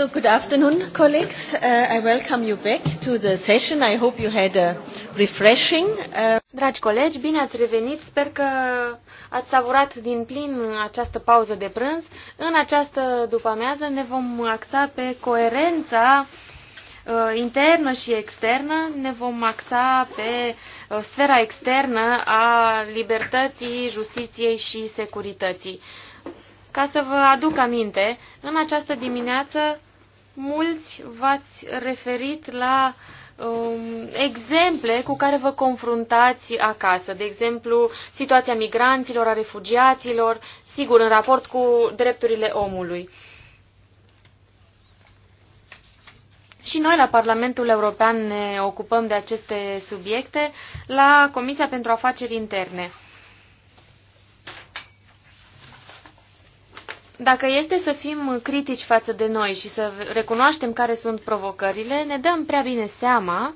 So good afternoon, colleagues. Uh, I welcome you back to the session. I hope you had a refreshing. Uh... Dragi colegi, bine ați revenit. Sper că ați savurat din plin această pauză de prânz. În această după-amiază ne vom axa pe coerența uh, internă și externă. Ne vom axa pe uh, sfera externă a libertății, justiției și securității. Ca să vă aduc aminte, în această dimineață mulți v-ați referit la um, exemple cu care vă confruntați acasă, de exemplu, situația migranților, a refugiaților, sigur, în raport cu drepturile omului. Și noi la Parlamentul European ne ocupăm de aceste subiecte la Comisia pentru Afaceri Interne. Dacă este să fim critici față de noi și să recunoaștem care sunt provocările, ne dăm prea bine seama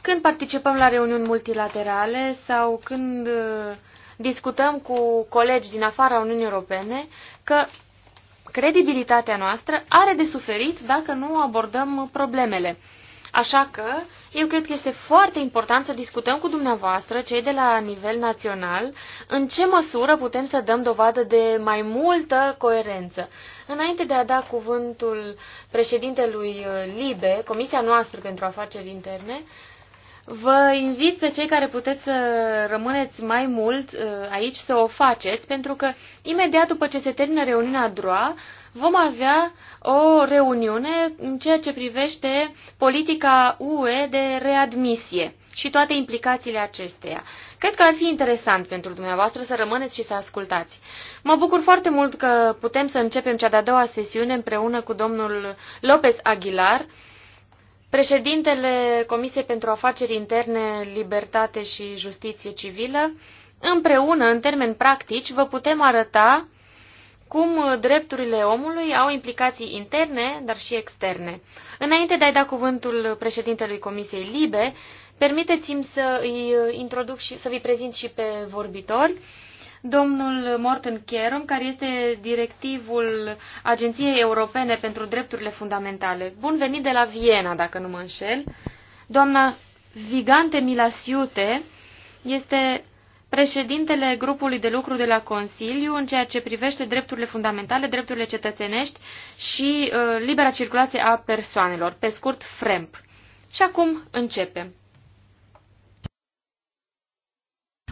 când participăm la reuniuni multilaterale sau când uh, discutăm cu colegi din afara Uniunii Europene că credibilitatea noastră are de suferit dacă nu abordăm problemele. Așa că eu cred că este foarte important să discutăm cu dumneavoastră, cei de la nivel național, în ce măsură putem să dăm dovadă de mai multă coerență. Înainte de a da cuvântul președintelui uh, LIBE, Comisia noastră pentru afaceri interne, Vă invit pe cei care puteți să rămâneți mai mult uh, aici să o faceți, pentru că imediat după ce se termină reuniunea DROA, vom avea o reuniune în ceea ce privește politica UE de readmisie și toate implicațiile acesteia. Cred că ar fi interesant pentru dumneavoastră să rămâneți și să ascultați. Mă bucur foarte mult că putem să începem cea de-a doua sesiune împreună cu domnul Lopez Aguilar, președintele Comisiei pentru Afaceri Interne, Libertate și Justiție Civilă. Împreună, în termeni practici, vă putem arăta cum uh, drepturile omului au implicații interne, dar și externe. Înainte de a-i da cuvântul președintelui Comisiei Libe, permiteți-mi să îi uh, introduc și să vi prezint și pe vorbitori. Domnul Morten Kerum, care este directivul Agenției Europene pentru Drepturile Fundamentale. Bun venit de la Viena, dacă nu mă înșel. Doamna Vigante Milasiute este președintele grupului de lucru de la Consiliu în ceea ce privește drepturile fundamentale, drepturile cetățenești și uh, libera circulație a persoanelor, pe scurt FREMP. Și acum începem.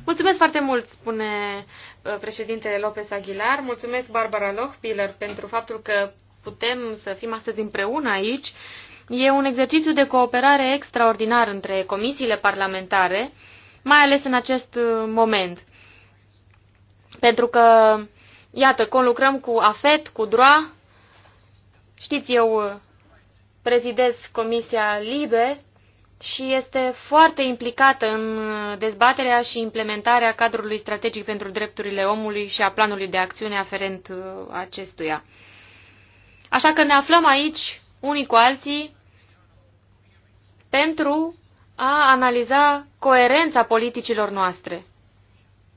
Mulțumesc foarte mult, spune uh, președintele Lopez Aguilar. Mulțumesc, Barbara Lochpiller, pentru faptul că putem să fim astăzi împreună aici. E un exercițiu de cooperare extraordinar între comisiile parlamentare mai ales în acest uh, moment. Pentru că, iată, conlucrăm cu AFET, cu DROA, știți, eu uh, prezidez Comisia LIBE și este foarte implicată în uh, dezbaterea și implementarea cadrului strategic pentru drepturile omului și a planului de acțiune aferent acestuia. Așa că ne aflăm aici, unii cu alții, pentru a analiza coerența politicilor noastre.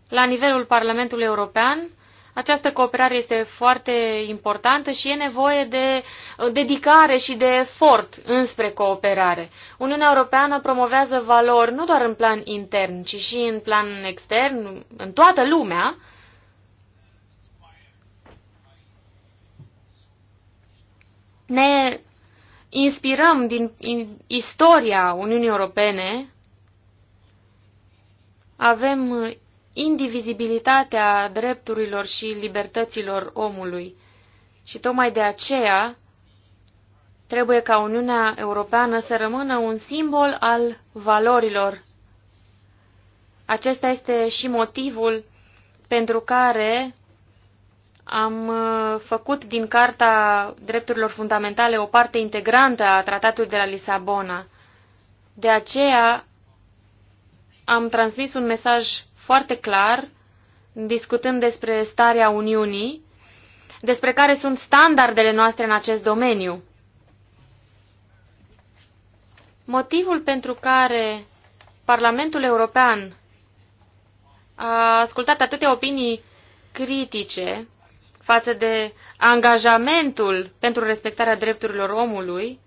La nivelul Parlamentului European, această cooperare este foarte importantă și e nevoie de uh, dedicare și de efort înspre cooperare. Uniunea Europeană promovează valori nu doar în plan intern, ci și în plan extern, în toată lumea. Ne inspirăm din istoria Uniunii Europene, avem indivizibilitatea drepturilor și libertăților omului. Și tocmai de aceea trebuie ca Uniunea Europeană să rămână un simbol al valorilor. Acesta este și motivul pentru care am uh, făcut din Carta Drepturilor Fundamentale o parte integrantă a Tratatului de la Lisabona. De aceea am transmis un mesaj foarte clar, discutând despre starea Uniunii, despre care sunt standardele noastre în acest domeniu. Motivul pentru care Parlamentul European a ascultat atâtea opinii critice față de angajamentul pentru respectarea drepturilor omului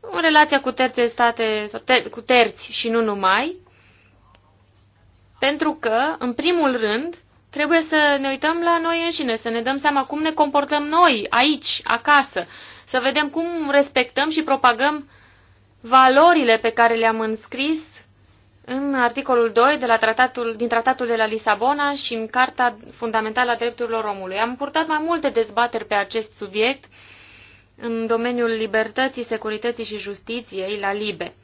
în relația cu terțe state, cu terți și nu numai, pentru că, în primul rând, trebuie să ne uităm la noi înșine, să ne dăm seama cum ne comportăm noi aici, acasă, să vedem cum respectăm și propagăm valorile pe care le-am înscris în articolul 2 de la tratatul, din tratatul de la Lisabona și în Carta Fundamentală a Drepturilor Omului. Am purtat mai multe dezbateri pe acest subiect în domeniul libertății, securității și justiției la LIBE.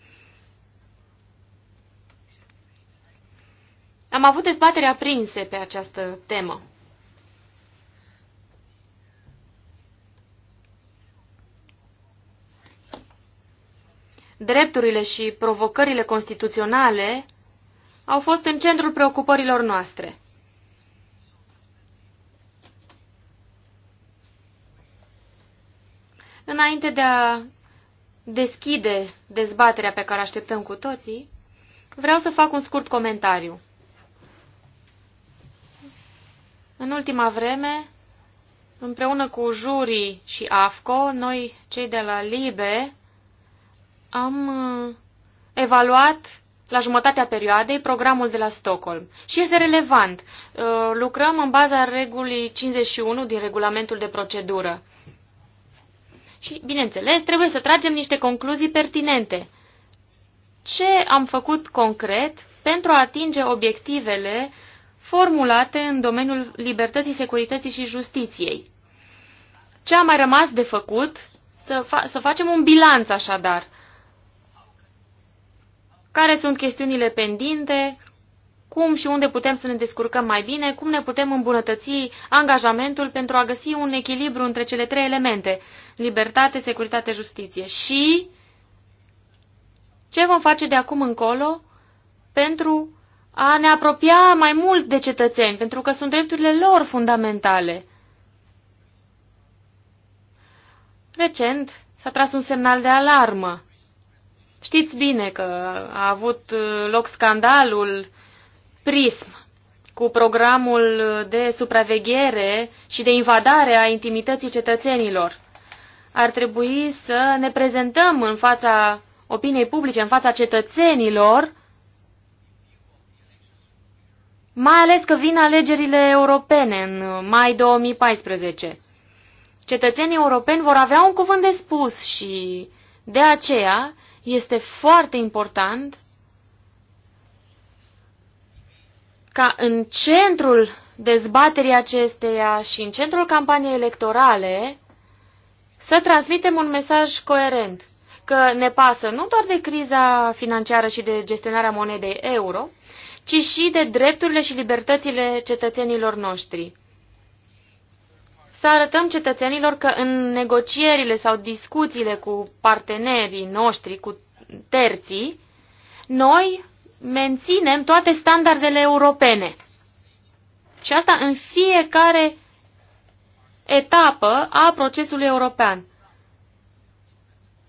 Am avut dezbateri aprinse pe această temă. drepturile și provocările constituționale au fost în centrul preocupărilor noastre. Înainte de a deschide dezbaterea pe care așteptăm cu toții, vreau să fac un scurt comentariu. În ultima vreme, împreună cu jurii și AFCO, noi, cei de la LIBE, am uh, evaluat la jumătatea perioadei programul de la Stockholm și este relevant. Uh, lucrăm în baza regulii 51 din regulamentul de procedură. Și, bineînțeles, trebuie să tragem niște concluzii pertinente. Ce am făcut concret pentru a atinge obiectivele formulate în domeniul libertății, securității și justiției? Ce a mai rămas de făcut? Să, fa să facem un bilanț, așadar, care sunt chestiunile pendinte, cum și unde putem să ne descurcăm mai bine, cum ne putem îmbunătăți angajamentul pentru a găsi un echilibru între cele trei elemente, libertate, securitate, justiție și ce vom face de acum încolo pentru a ne apropia mai mult de cetățeni, pentru că sunt drepturile lor fundamentale. Recent s-a tras un semnal de alarmă Știți bine că a avut loc scandalul PRISM cu programul de supraveghere și de invadare a intimității cetățenilor. Ar trebui să ne prezentăm în fața opiniei publice, în fața cetățenilor, mai ales că vin alegerile europene în mai 2014. Cetățenii europeni vor avea un cuvânt de spus și de aceea este foarte important ca în centrul dezbaterii acesteia și în centrul campaniei electorale să transmitem un mesaj coerent că ne pasă nu doar de criza financiară și de gestionarea monedei euro, ci și de drepturile și libertățile cetățenilor noștri să arătăm cetățenilor că în negocierile sau discuțiile cu partenerii noștri, cu terții, noi menținem toate standardele europene. Și asta în fiecare etapă a procesului european.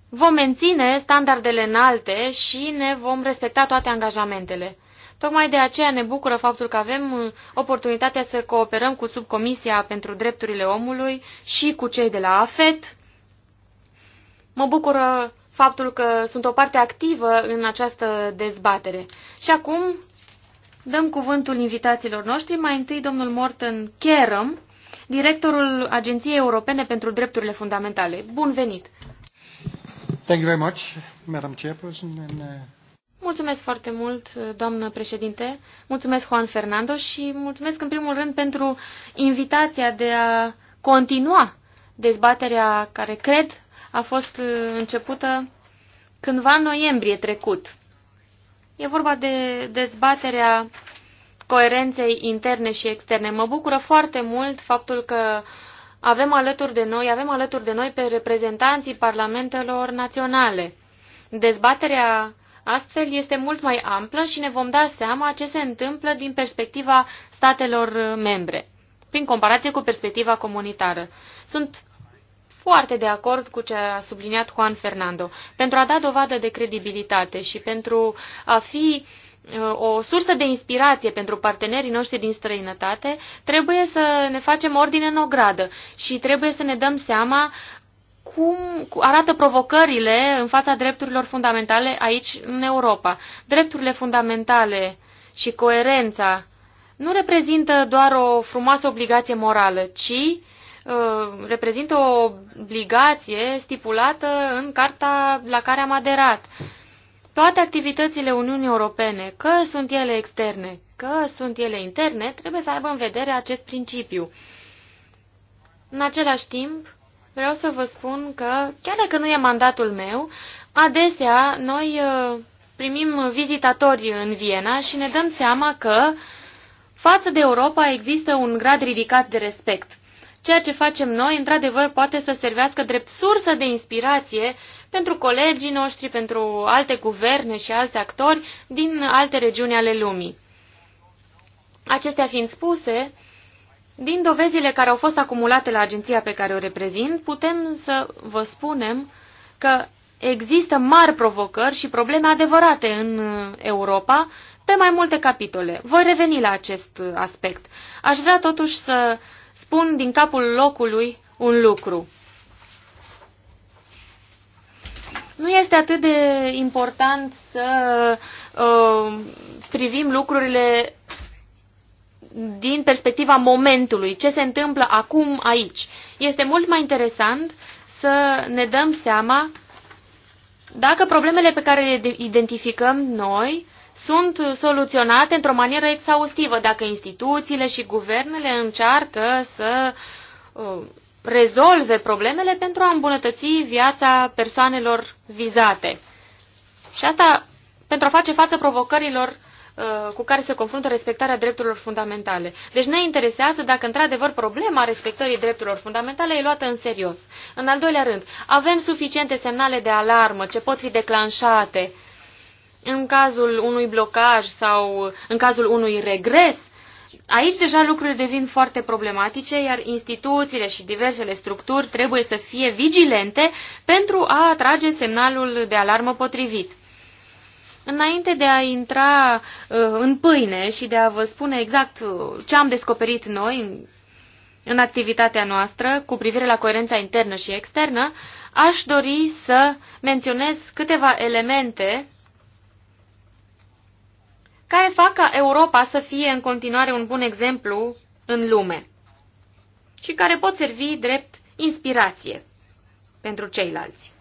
Vom menține standardele înalte și ne vom respecta toate angajamentele. Tocmai de aceea ne bucură faptul că avem uh, oportunitatea să cooperăm cu Subcomisia pentru Drepturile Omului și cu cei de la AFET. Mă bucură faptul că sunt o parte activă în această dezbatere. Și acum dăm cuvântul invitațiilor noștri, mai întâi domnul Morten Kerem, directorul Agenției Europene pentru Drepturile Fundamentale. Bun venit! Thank you very much, Madam Chairperson, and uh, Mulțumesc foarte mult, doamnă președinte. Mulțumesc, Juan Fernando, și mulțumesc în primul rând pentru invitația de a continua dezbaterea care, cred, a fost începută cândva în noiembrie trecut. E vorba de dezbaterea coerenței interne și externe. Mă bucură foarte mult faptul că avem alături de noi, avem alături de noi pe reprezentanții parlamentelor naționale. Dezbaterea Astfel este mult mai amplă și ne vom da seama ce se întâmplă din perspectiva statelor membre, prin comparație cu perspectiva comunitară. Sunt foarte de acord cu ce a subliniat Juan Fernando. Pentru a da dovadă de credibilitate și pentru a fi uh, o sursă de inspirație pentru partenerii noștri din străinătate, trebuie să ne facem ordine în ogradă și trebuie să ne dăm seama cum arată provocările în fața drepturilor fundamentale aici în Europa. Drepturile fundamentale și coerența nu reprezintă doar o frumoasă obligație morală, ci uh, reprezintă o obligație stipulată în carta la care am aderat. Toate activitățile Uniunii Europene, că sunt ele externe, că sunt ele interne, trebuie să aibă în vedere acest principiu. În același timp, vreau să vă spun că, chiar dacă nu e mandatul meu, adesea noi uh, primim vizitatori în Viena și ne dăm seama că față de Europa există un grad ridicat de respect. Ceea ce facem noi, într-adevăr, poate să servească drept sursă de inspirație pentru colegii noștri, pentru alte guverne și alți actori din alte regiuni ale lumii. Acestea fiind spuse, din dovezile care au fost acumulate la agenția pe care o reprezint, putem să vă spunem că există mari provocări și probleme adevărate în Europa pe mai multe capitole. Voi reveni la acest aspect. Aș vrea totuși să spun din capul locului un lucru. Nu este atât de important să uh, privim lucrurile din perspectiva momentului, ce se întâmplă acum aici. Este mult mai interesant să ne dăm seama dacă problemele pe care le identificăm noi sunt soluționate într-o manieră exhaustivă, dacă instituțiile și guvernele încearcă să uh, rezolve problemele pentru a îmbunătăți viața persoanelor vizate. Și asta pentru a face față provocărilor Uh, cu care se confruntă respectarea drepturilor fundamentale. Deci ne interesează dacă într-adevăr problema respectării drepturilor fundamentale e luată în serios. În al doilea rând, avem suficiente semnale de alarmă ce pot fi declanșate în cazul unui blocaj sau în cazul unui regres Aici deja lucrurile devin foarte problematice, iar instituțiile și diversele structuri trebuie să fie vigilente pentru a atrage semnalul de alarmă potrivit. Înainte de a intra uh, în pâine și de a vă spune exact uh, ce am descoperit noi în, în activitatea noastră cu privire la coerența internă și externă, aș dori să menționez câteva elemente care fac ca Europa să fie în continuare un bun exemplu în lume și care pot servi drept inspirație pentru ceilalți.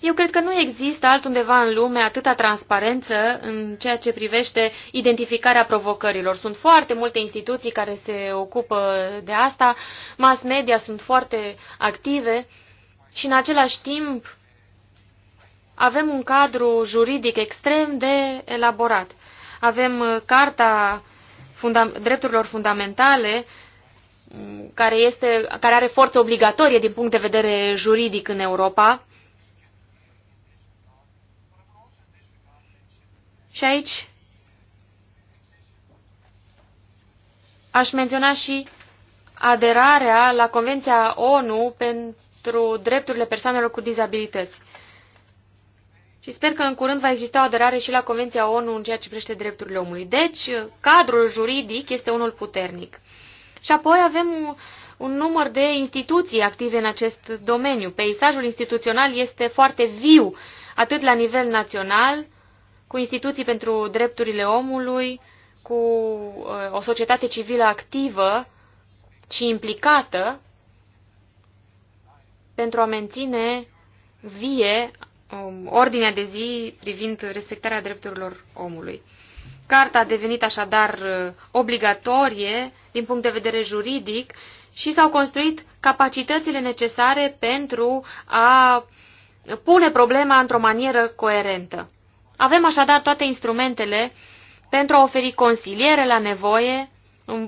Eu cred că nu există altundeva în lume atâta transparență în ceea ce privește identificarea provocărilor. Sunt foarte multe instituții care se ocupă de asta, mass media sunt foarte active și în același timp avem un cadru juridic extrem de elaborat. Avem Carta funda Drepturilor Fundamentale, care, este, care are forță obligatorie din punct de vedere juridic în Europa, Și aici aș menționa și aderarea la Convenția ONU pentru drepturile persoanelor cu dizabilități. Și sper că în curând va exista o aderare și la Convenția ONU în ceea ce privește drepturile omului. Deci, cadrul juridic este unul puternic. Și apoi avem un, un număr de instituții active în acest domeniu. Peisajul instituțional este foarte viu, atât la nivel național, cu instituții pentru drepturile omului, cu uh, o societate civilă activă și implicată pentru a menține vie um, ordinea de zi privind respectarea drepturilor omului. Carta a devenit așadar uh, obligatorie din punct de vedere juridic și s-au construit capacitățile necesare pentru a pune problema într-o manieră coerentă. Avem așadar toate instrumentele pentru a oferi consiliere la nevoie,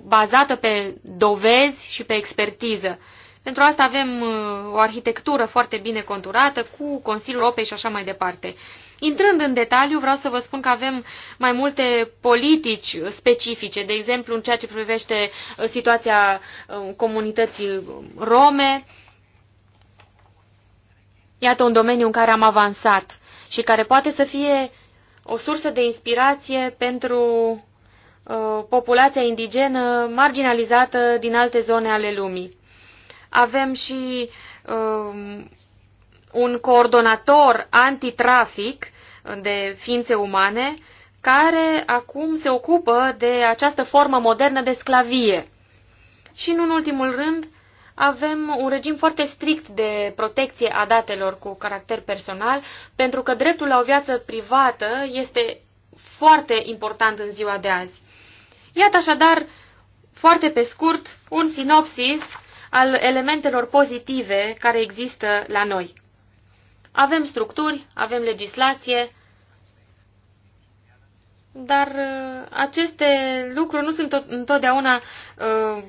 bazată pe dovezi și pe expertiză. Pentru asta avem uh, o arhitectură foarte bine conturată cu Consiliul OPE și așa mai departe. Intrând în detaliu, vreau să vă spun că avem mai multe politici specifice, de exemplu în ceea ce privește uh, situația uh, comunității rome. Iată un domeniu în care am avansat și care poate să fie o sursă de inspirație pentru uh, populația indigenă marginalizată din alte zone ale lumii. Avem și um, un coordonator antitrafic de ființe umane care acum se ocupă de această formă modernă de sclavie. Și, în ultimul rând, avem un regim foarte strict de protecție a datelor cu caracter personal, pentru că dreptul la o viață privată este foarte important în ziua de azi. Iată așadar, foarte pe scurt, un sinopsis al elementelor pozitive care există la noi. Avem structuri, avem legislație, dar uh, aceste lucruri nu sunt întotdeauna uh,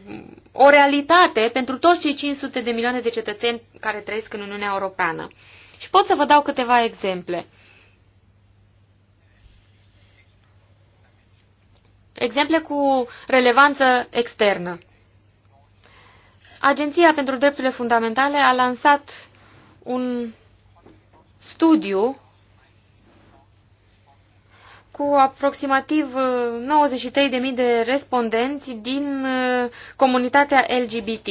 o realitate pentru toți cei 500 de milioane de cetățeni care trăiesc în Uniunea Europeană. Și pot să vă dau câteva exemple. Exemple cu relevanță externă. Agenția pentru Drepturile Fundamentale a lansat un studiu cu aproximativ 93.000 uh, de respondenți din uh, comunitatea LGBT.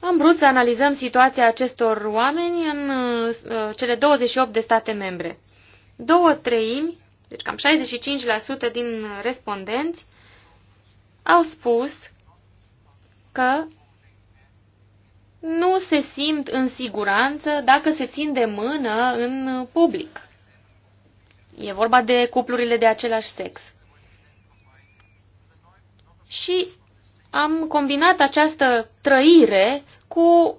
Am vrut să analizăm situația acestor oameni în uh, cele 28 de state membre. Două treimi, deci cam 65% din respondenți, au spus că nu se simt în siguranță dacă se țin de mână în public. E vorba de cuplurile de același sex. Și am combinat această trăire cu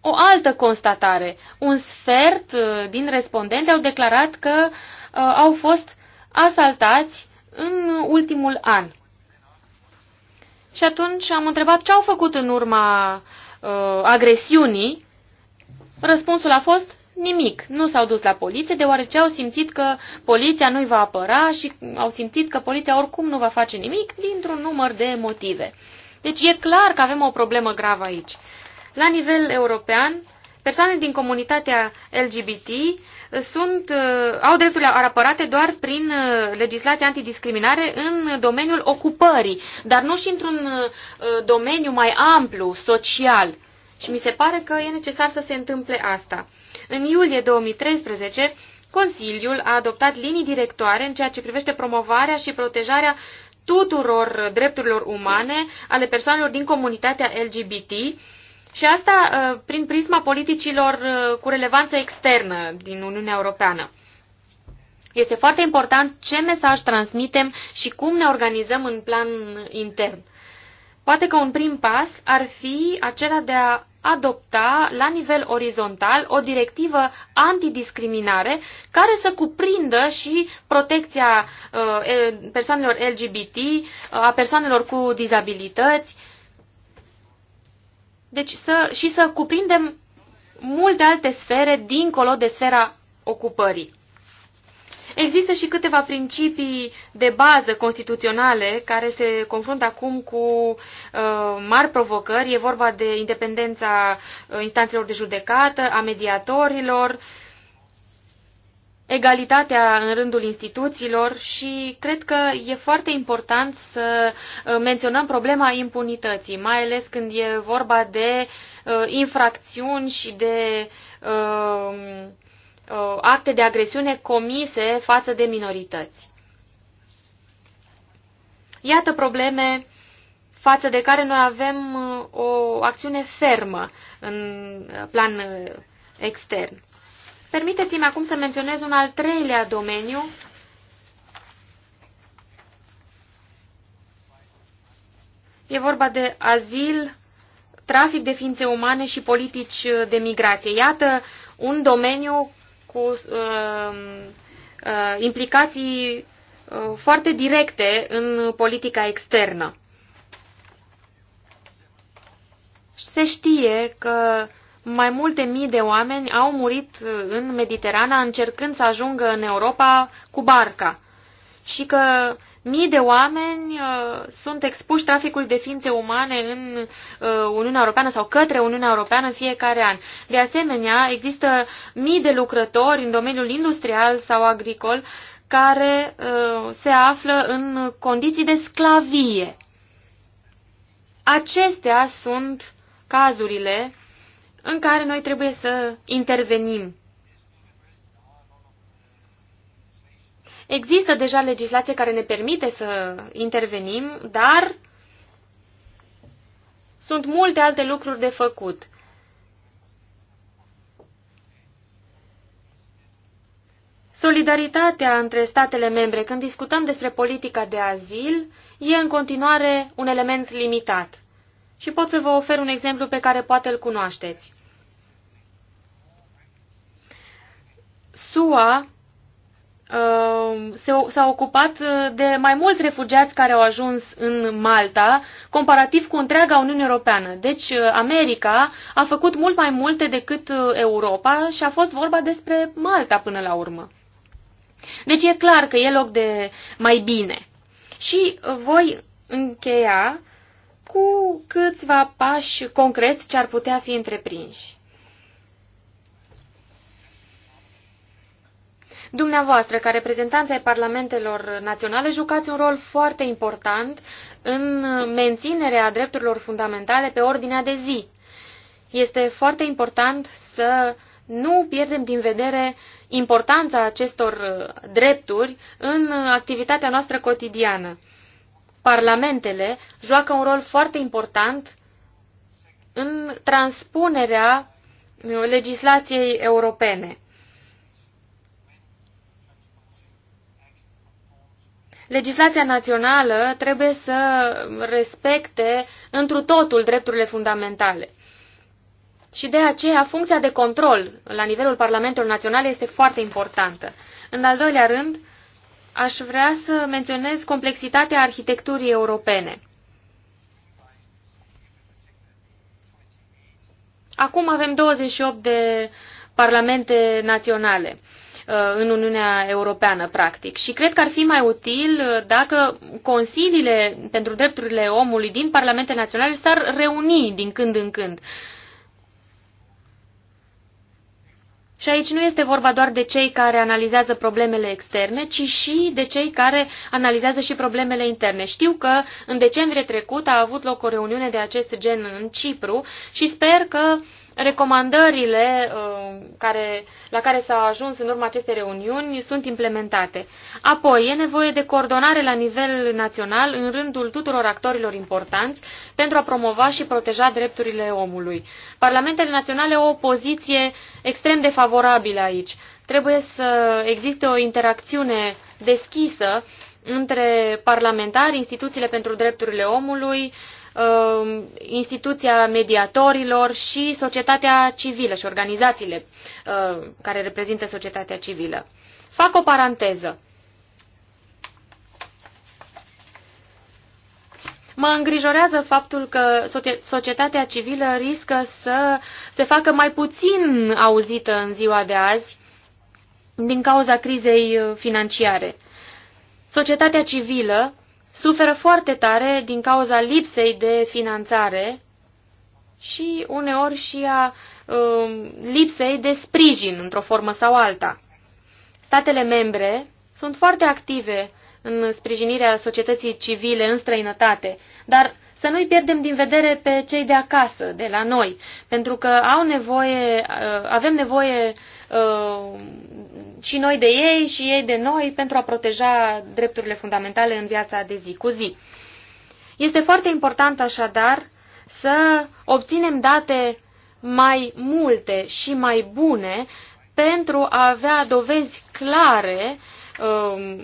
o altă constatare. Un sfert uh, din respondenți au declarat că uh, au fost asaltați în ultimul an. Și atunci am întrebat ce au făcut în urma uh, agresiunii. Răspunsul a fost nimic. Nu s-au dus la poliție deoarece au simțit că poliția nu-i va apăra și au simțit că poliția oricum nu va face nimic dintr-un număr de motive. Deci e clar că avem o problemă gravă aici. La nivel european, persoane din comunitatea LGBT uh, sunt, uh, au drepturile apărate doar prin uh, legislația antidiscriminare în domeniul ocupării, dar nu și într-un domeniu mai amplu, social. Și mi se pare că e necesar să se întâmple asta. În iulie 2013, Consiliul a adoptat linii directoare în ceea ce privește promovarea și protejarea tuturor drepturilor umane ale persoanelor din comunitatea LGBT și asta uh, prin prisma politicilor uh, cu relevanță externă din Uniunea Europeană. Este foarte important ce mesaj transmitem și cum ne organizăm în plan intern. Poate că un prim pas ar fi acela de a adopta la nivel orizontal o directivă antidiscriminare care să cuprindă și protecția uh, persoanelor LGBT, uh, a persoanelor cu dizabilități, deci să, și să cuprindem multe alte sfere dincolo de sfera ocupării. Există și câteva principii de bază constituționale care se confruntă acum cu uh, mari provocări. E vorba de independența uh, instanțelor de judecată, a mediatorilor, egalitatea în rândul instituțiilor și cred că e foarte important să uh, menționăm problema impunității, mai ales când e vorba de uh, infracțiuni și de uh, uh, acte de agresiune comise față de minorități. Iată probleme față de care noi avem uh, o acțiune fermă în uh, plan uh, extern. Permiteți-mi acum să menționez un al treilea domeniu E vorba de azil, trafic de ființe umane și politici de migrație. Iată un domeniu cu uh, uh, implicații uh, foarte directe în politica externă. Se știe că mai multe mii de oameni au murit în Mediterana încercând să ajungă în Europa cu barca și că mii de oameni uh, sunt expuși traficul de ființe umane în uh, Uniunea Europeană sau către Uniunea Europeană în fiecare an. De asemenea, există mii de lucrători în domeniul industrial sau agricol care uh, se află în condiții de sclavie. Acestea sunt cazurile în care noi trebuie să intervenim Există deja legislație care ne permite să intervenim, dar sunt multe alte lucruri de făcut. Solidaritatea între statele membre când discutăm despre politica de azil e în continuare un element limitat. Și pot să vă ofer un exemplu pe care poate îl cunoașteți. SUA Ehm, s-a ocupat uh, de mai mulți refugiați care au ajuns în Malta, comparativ cu întreaga Uniune Europeană. Deci uh, America a făcut mult mai multe decât uh, Europa și a fost vorba despre Malta până la urmă. Deci e clar că e loc de mai bine. Și voi încheia cu câțiva pași concreți ce ar putea fi întreprinși. Dumneavoastră, ca reprezentanți ai parlamentelor naționale, jucați un rol foarte important în menținerea drepturilor fundamentale pe ordinea de zi. Este foarte important să nu pierdem din vedere importanța acestor drepturi în activitatea noastră cotidiană. Parlamentele joacă un rol foarte important în transpunerea legislației europene. legislația națională trebuie să respecte întru totul drepturile fundamentale. Și de aceea funcția de control la nivelul Parlamentului național este foarte importantă. În al doilea rând, aș vrea să menționez complexitatea arhitecturii europene. Acum avem 28 de parlamente naționale. Uh, în Uniunea Europeană, practic. Și cred că ar fi mai util uh, dacă consiliile pentru drepturile omului din Parlamentele Naționale s-ar reuni din când în când. Și aici nu este vorba doar de cei care analizează problemele externe, ci și de cei care analizează și problemele interne. Știu că în decembrie trecut a avut loc o reuniune de acest gen în Cipru și sper că uh, recomandările uh, care, la care s-au ajuns în urma acestei reuniuni sunt implementate. Apoi, e nevoie de coordonare la nivel național în rândul tuturor actorilor importanți pentru a promova și proteja drepturile omului. Parlamentele naționale au o poziție extrem de favorabilă aici. Trebuie să existe o interacțiune deschisă între parlamentari, instituțiile pentru drepturile omului, Um, instituția mediatorilor și societatea civilă și organizațiile uh, care reprezintă societatea civilă. Fac o paranteză. Mă îngrijorează faptul că societatea civilă riscă să se facă mai puțin auzită în ziua de azi din cauza crizei uh, financiare. Societatea civilă suferă foarte tare din cauza lipsei de finanțare și uneori și a uh, lipsei de sprijin într-o formă sau alta. Statele membre sunt foarte active în sprijinirea societății civile în străinătate, dar să nu-i pierdem din vedere pe cei de acasă, de la noi, pentru că au nevoie, uh, avem nevoie Uh, și noi de ei și ei de noi pentru a proteja drepturile fundamentale în viața de zi cu zi. Este foarte important așadar să obținem date mai multe și mai bune pentru a avea dovezi clare um,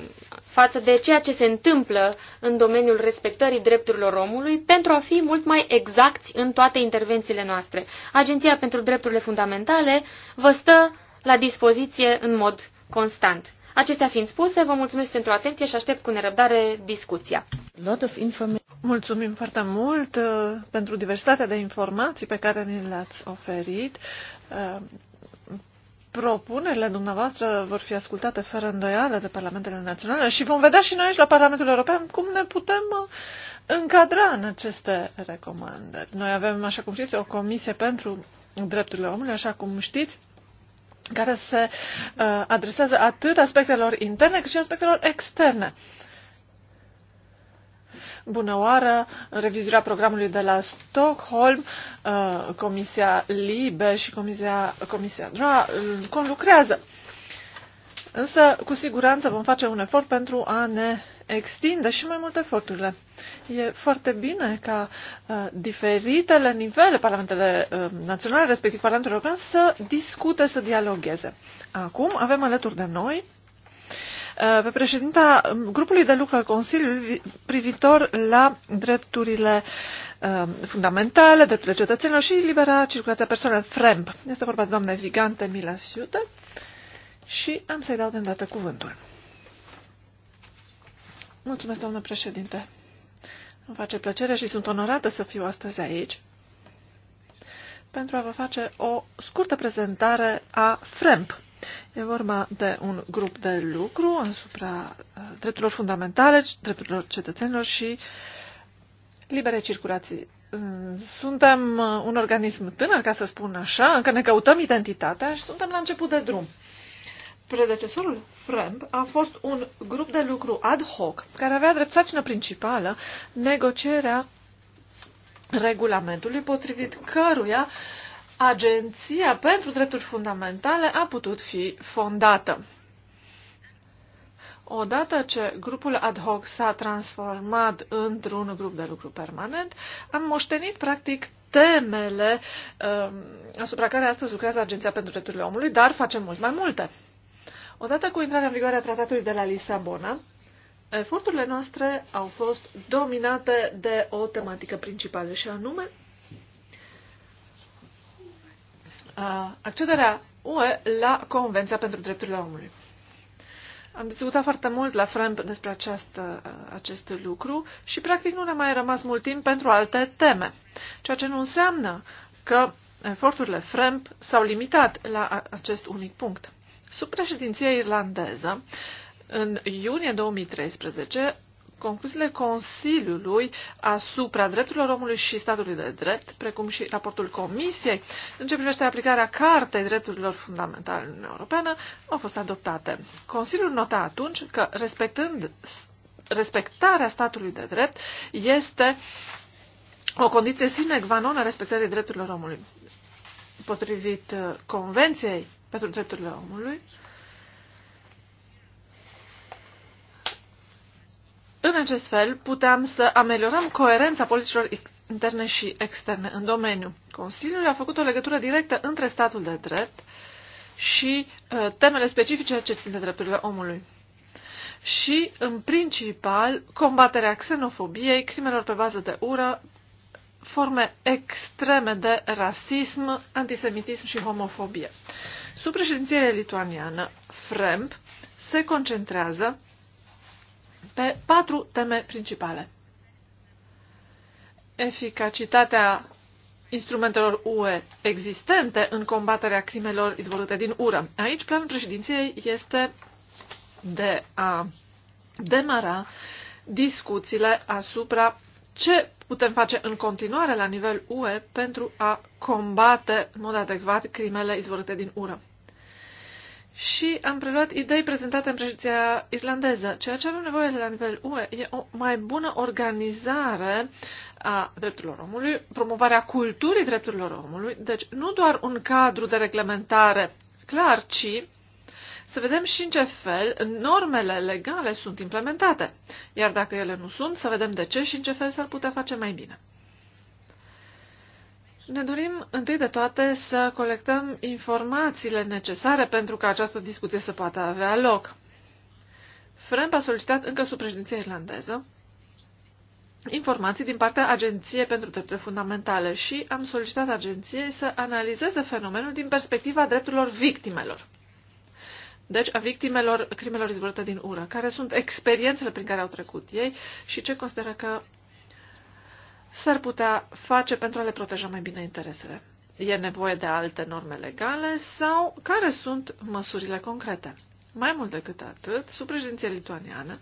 față de ceea ce se întâmplă în domeniul respectării drepturilor omului pentru a fi mult mai exacti în toate intervențiile noastre. Agenția pentru Drepturile Fundamentale vă stă la dispoziție în mod constant. Acestea fiind spuse, vă mulțumesc pentru atenție și aștept cu nerăbdare discuția. Mulțumim foarte mult uh, pentru diversitatea de informații pe care ni le-ați oferit. Uh, propunerile dumneavoastră vor fi ascultate fără îndoială de parlamentele naționale și vom vedea și noi aici la Parlamentul European cum ne putem uh, încadra în aceste recomandări. Noi avem, așa cum știți, o comisie pentru drepturile omului, așa cum știți, care se uh, adresează atât aspectelor interne cât și aspectelor externe. Bună oară! În revizuirea programului de la Stockholm, uh, Comisia LIBE și Comisia, Comisia DRA uh, conlucrează. Însă, cu siguranță vom face un efort pentru a ne extindă și mai mult eforturile. E foarte bine ca uh, diferitele nivele, parlamentele uh, naționale, respectiv Parlamentul European, să discute, să dialogueze. Acum avem alături de noi uh, pe președinta grupului de lucru al Consiliului privitor la drepturile uh, fundamentale, drepturile cetățenilor și libera circulația persoanelor FREMP. Este vorba de doamna Vigante Siute și am să-i dau de îndată cuvântul. Mulțumesc, doamnă președinte. Îmi face plăcere și sunt onorată să fiu astăzi aici pentru a vă face o scurtă prezentare a FREMP. E vorba de un grup de lucru asupra uh, drepturilor fundamentale, drepturilor cetățenilor și libere circulații. Suntem uh, un organism tânăr, ca să spun așa, încă ne căutăm identitatea și suntem la început de drum predecesorul FREMP a fost un grup de lucru ad hoc care avea drept sacină principală negocierea regulamentului potrivit căruia Agenția pentru Drepturi Fundamentale a putut fi fondată. Odată ce grupul ad hoc s-a transformat într-un grup de lucru permanent, am moștenit practic temele um, asupra care astăzi lucrează Agenția pentru Drepturile Omului, dar facem mult mai multe. Odată cu intrarea în vigoare a tratatului de la Lisabona, eforturile noastre au fost dominate de o tematică principală și anume accederea UE la Convenția pentru Drepturile Omului. Am discutat foarte mult la FREMP despre această, acest lucru și practic nu ne-a mai rămas mult timp pentru alte teme, ceea ce nu înseamnă că eforturile FREMP s-au limitat la acest unic punct. Sub președinția irlandeză, în iunie 2013, concluziile Consiliului asupra drepturilor omului și statului de drept, precum și raportul Comisiei în ce privește aplicarea Cartei Drepturilor Fundamentale în Uniunea Europeană, au fost adoptate. Consiliul nota atunci că respectând respectarea statului de drept este o condiție sine qua non a respectării drepturilor omului. Potrivit uh, Convenției pentru drepturile omului. În acest fel, puteam să ameliorăm coerența politicilor interne și externe în domeniu. Consiliul a făcut o legătură directă între statul de drept și uh, temele specifice ce țin de drepturile omului. Și, în principal, combaterea xenofobiei, crimelor pe bază de ură, forme extreme de rasism, antisemitism și homofobie. Uh, Sub președinția lituaniană, FREMP se concentrează pe patru teme principale. Eficacitatea instrumentelor UE existente în combaterea crimelor izvorâte din ură. Aici planul președinției este de a demara discuțiile asupra ce putem face în continuare la nivel UE pentru a combate în mod adecvat crimele izvorâte din ură și am preluat idei prezentate în președinția irlandeză. Ceea ce avem nevoie la nivel UE e o mai bună organizare a drepturilor omului, promovarea culturii drepturilor omului, deci nu doar un cadru de reglementare clar, ci să vedem și în ce fel normele legale sunt implementate, iar dacă ele nu sunt, să vedem de ce și în ce fel s-ar putea face mai bine. Ne dorim întâi de toate să colectăm informațiile necesare pentru ca această discuție să poată avea loc. FREMP a solicitat încă sub președinția irlandeză informații din partea Agenției pentru Drepturile Fundamentale și am solicitat agenției să analizeze fenomenul din perspectiva drepturilor victimelor. Deci a victimelor crimelor izvorâte din ură, care sunt experiențele prin care au trecut ei și ce consideră că s-ar putea face pentru a le proteja mai bine interesele? E nevoie de alte norme legale sau care sunt măsurile concrete? Mai mult decât atât, sub președinție lituaniană,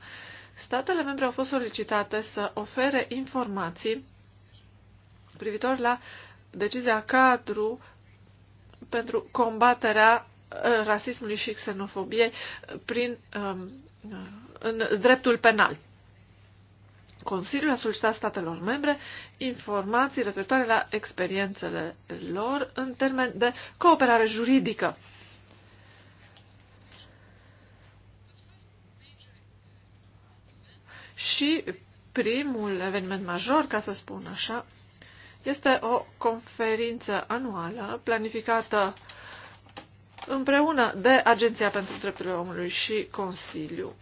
statele membre au fost solicitate să ofere informații privitor la decizia cadru pentru combaterea uh, rasismului și xenofobiei prin, um, în dreptul penal. Consiliul a solicitat statelor membre informații referitoare la experiențele lor în termen de cooperare juridică. Și primul eveniment major, ca să spun așa, este o conferință anuală planificată împreună de Agenția pentru Drepturile Omului și Consiliu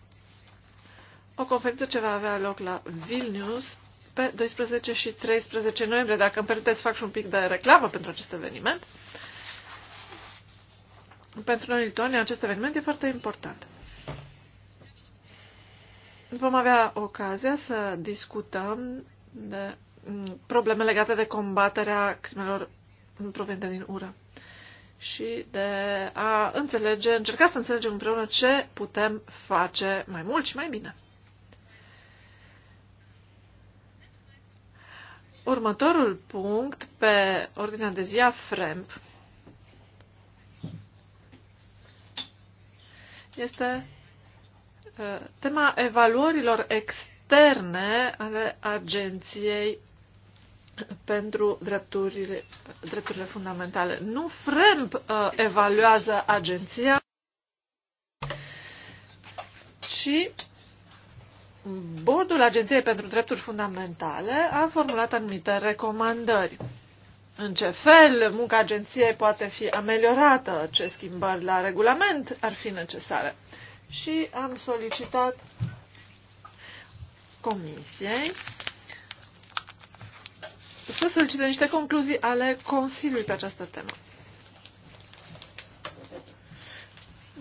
o conferință ce va avea loc la Vilnius pe 12 și 13 noiembrie. Dacă îmi permiteți, fac și un pic de reclamă pentru acest eveniment. Pentru noi, Lituania, acest eveniment e foarte important. Vom avea ocazia să discutăm de probleme legate de combaterea crimelor provenite din ură și de a înțelege, încerca să înțelegem împreună ce putem face mai mult și mai bine. Următorul punct pe ordinea de zi a FREMP este uh, tema evaluărilor externe ale Agenției pentru drepturile, drepturile fundamentale. Nu FREMP uh, evaluează agenția, ci Bordul Agenției pentru Drepturi Fundamentale a formulat anumite recomandări. În ce fel munca agenției poate fi ameliorată, ce schimbări la regulament ar fi necesare. Și am solicitat Comisiei să solicite niște concluzii ale Consiliului pe această temă.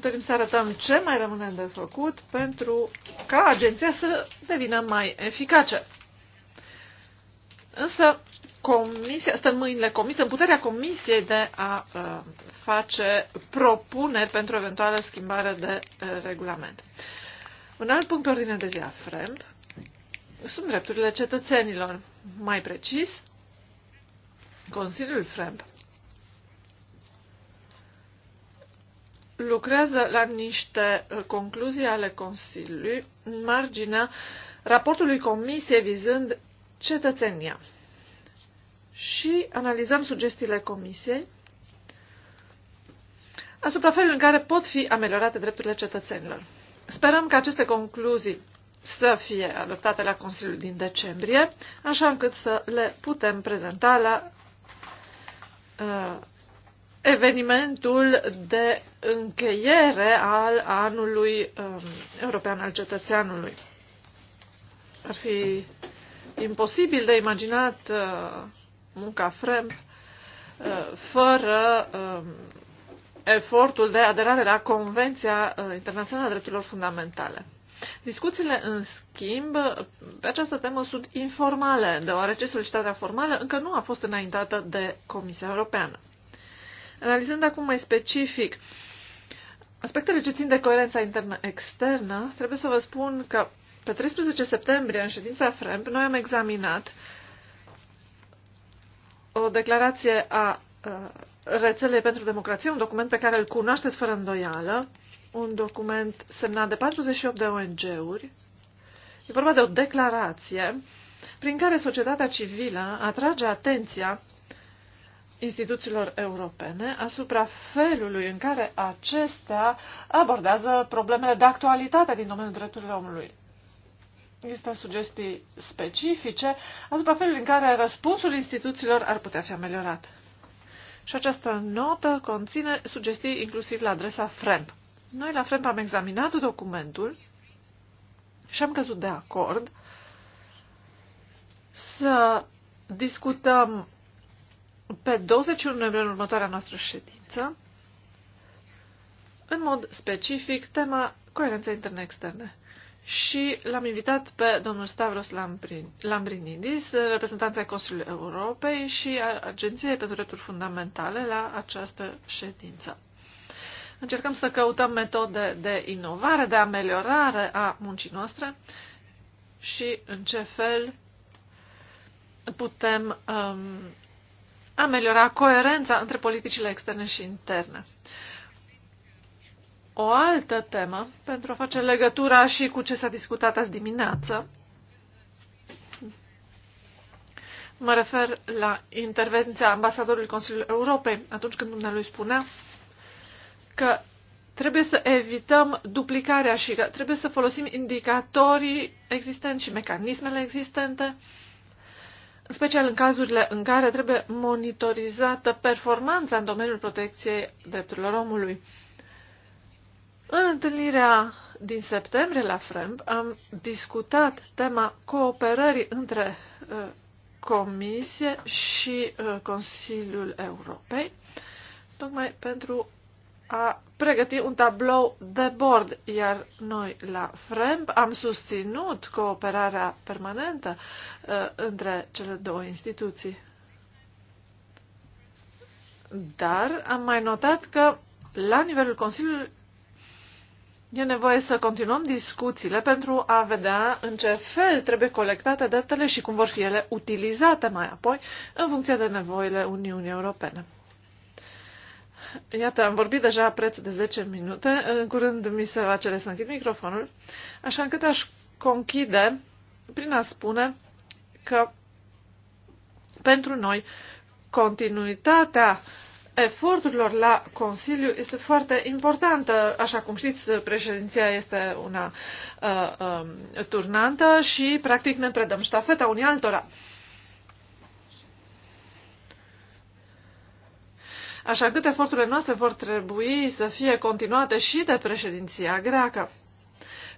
dorim să arătăm ce mai rămâne de făcut pentru ca agenția să devină mai eficace. Însă, comisia, stă în mâinile comisiei, în puterea comisiei de a uh, face propuneri pentru eventuală schimbare de uh, regulament. Un alt punct pe ordine de zi a FREMP sunt drepturile cetățenilor. Mai precis, Consiliul FREMP lucrează la niște uh, concluzii ale Consiliului în marginea raportului Comisiei vizând cetățenia. Și analizăm sugestiile Comisiei asupra felului în care pot fi ameliorate drepturile cetățenilor. Sperăm că aceste concluzii să fie adoptate la Consiliul din decembrie, așa încât să le putem prezenta la uh, evenimentul de încheiere al anului um, european al cetățeanului. Ar fi imposibil de imaginat uh, munca FREM uh, fără um, efortul de aderare la Convenția uh, Internațională a Drepturilor Fundamentale. Discuțiile, în schimb, pe această temă sunt informale, deoarece solicitarea formală încă nu a fost înaintată de Comisia Europeană. Analizând acum mai specific aspectele ce țin de coerența internă-externă, trebuie să vă spun că pe 13 septembrie, în ședința FREMP, noi am examinat o declarație a rețelei pentru democrație, un document pe care îl cunoașteți fără îndoială, un document semnat de 48 de ONG-uri. E vorba de o declarație prin care societatea civilă atrage atenția instituțiilor europene asupra felului în care acestea abordează problemele de actualitate din domeniul drepturilor omului. Există sugestii specifice asupra felului în care răspunsul instituțiilor ar putea fi ameliorat. Și această notă conține sugestii inclusiv la adresa FREMP. Noi la FREMP am examinat documentul și am căzut de acord să discutăm pe 21 noiembrie, în următoarea noastră ședință, în mod specific, tema coerența interne-externe. Și l-am invitat pe domnul Stavros Lambrinidis, reprezentanța Consiliului Europei și Agenției pentru Drepturi Fundamentale la această ședință. Încercăm să căutăm metode de inovare, de ameliorare a muncii noastre și în ce fel putem um, ameliora coerența între politicile externe și interne. O altă temă, pentru a face legătura și cu ce s-a discutat azi dimineață, mă refer la intervenția ambasadorului Consiliului Europei atunci când dumnealui spunea că trebuie să evităm duplicarea și că trebuie să folosim indicatorii existenți și mecanismele existente uh, special în cazurile în care trebuie monitorizată performanța în domeniul protecției drepturilor omului. În întâlnirea din septembrie la FREMP am discutat tema cooperării între uh, Comisie și uh, Consiliul Europei, tocmai pentru a pregăti un tablou de bord, iar noi la FREMP am susținut cooperarea permanentă uh, între cele două instituții. Dar am mai notat că la nivelul Consiliului e nevoie să continuăm discuțiile pentru a vedea în ce fel trebuie colectate datele și cum vor fi ele utilizate mai apoi în funcție de nevoile Uniunii Europene. Iată, am vorbit deja preț de 10 minute. În curând mi se va cere să închid microfonul, așa încât aș conchide prin a spune că pentru noi continuitatea eforturilor la Consiliu este foarte importantă. Așa cum știți, președinția este una uh, uh, turnantă și, practic, ne predăm ștafeta unii altora. Așa cât eforturile noastre vor trebui să fie continuate și de președinția greacă.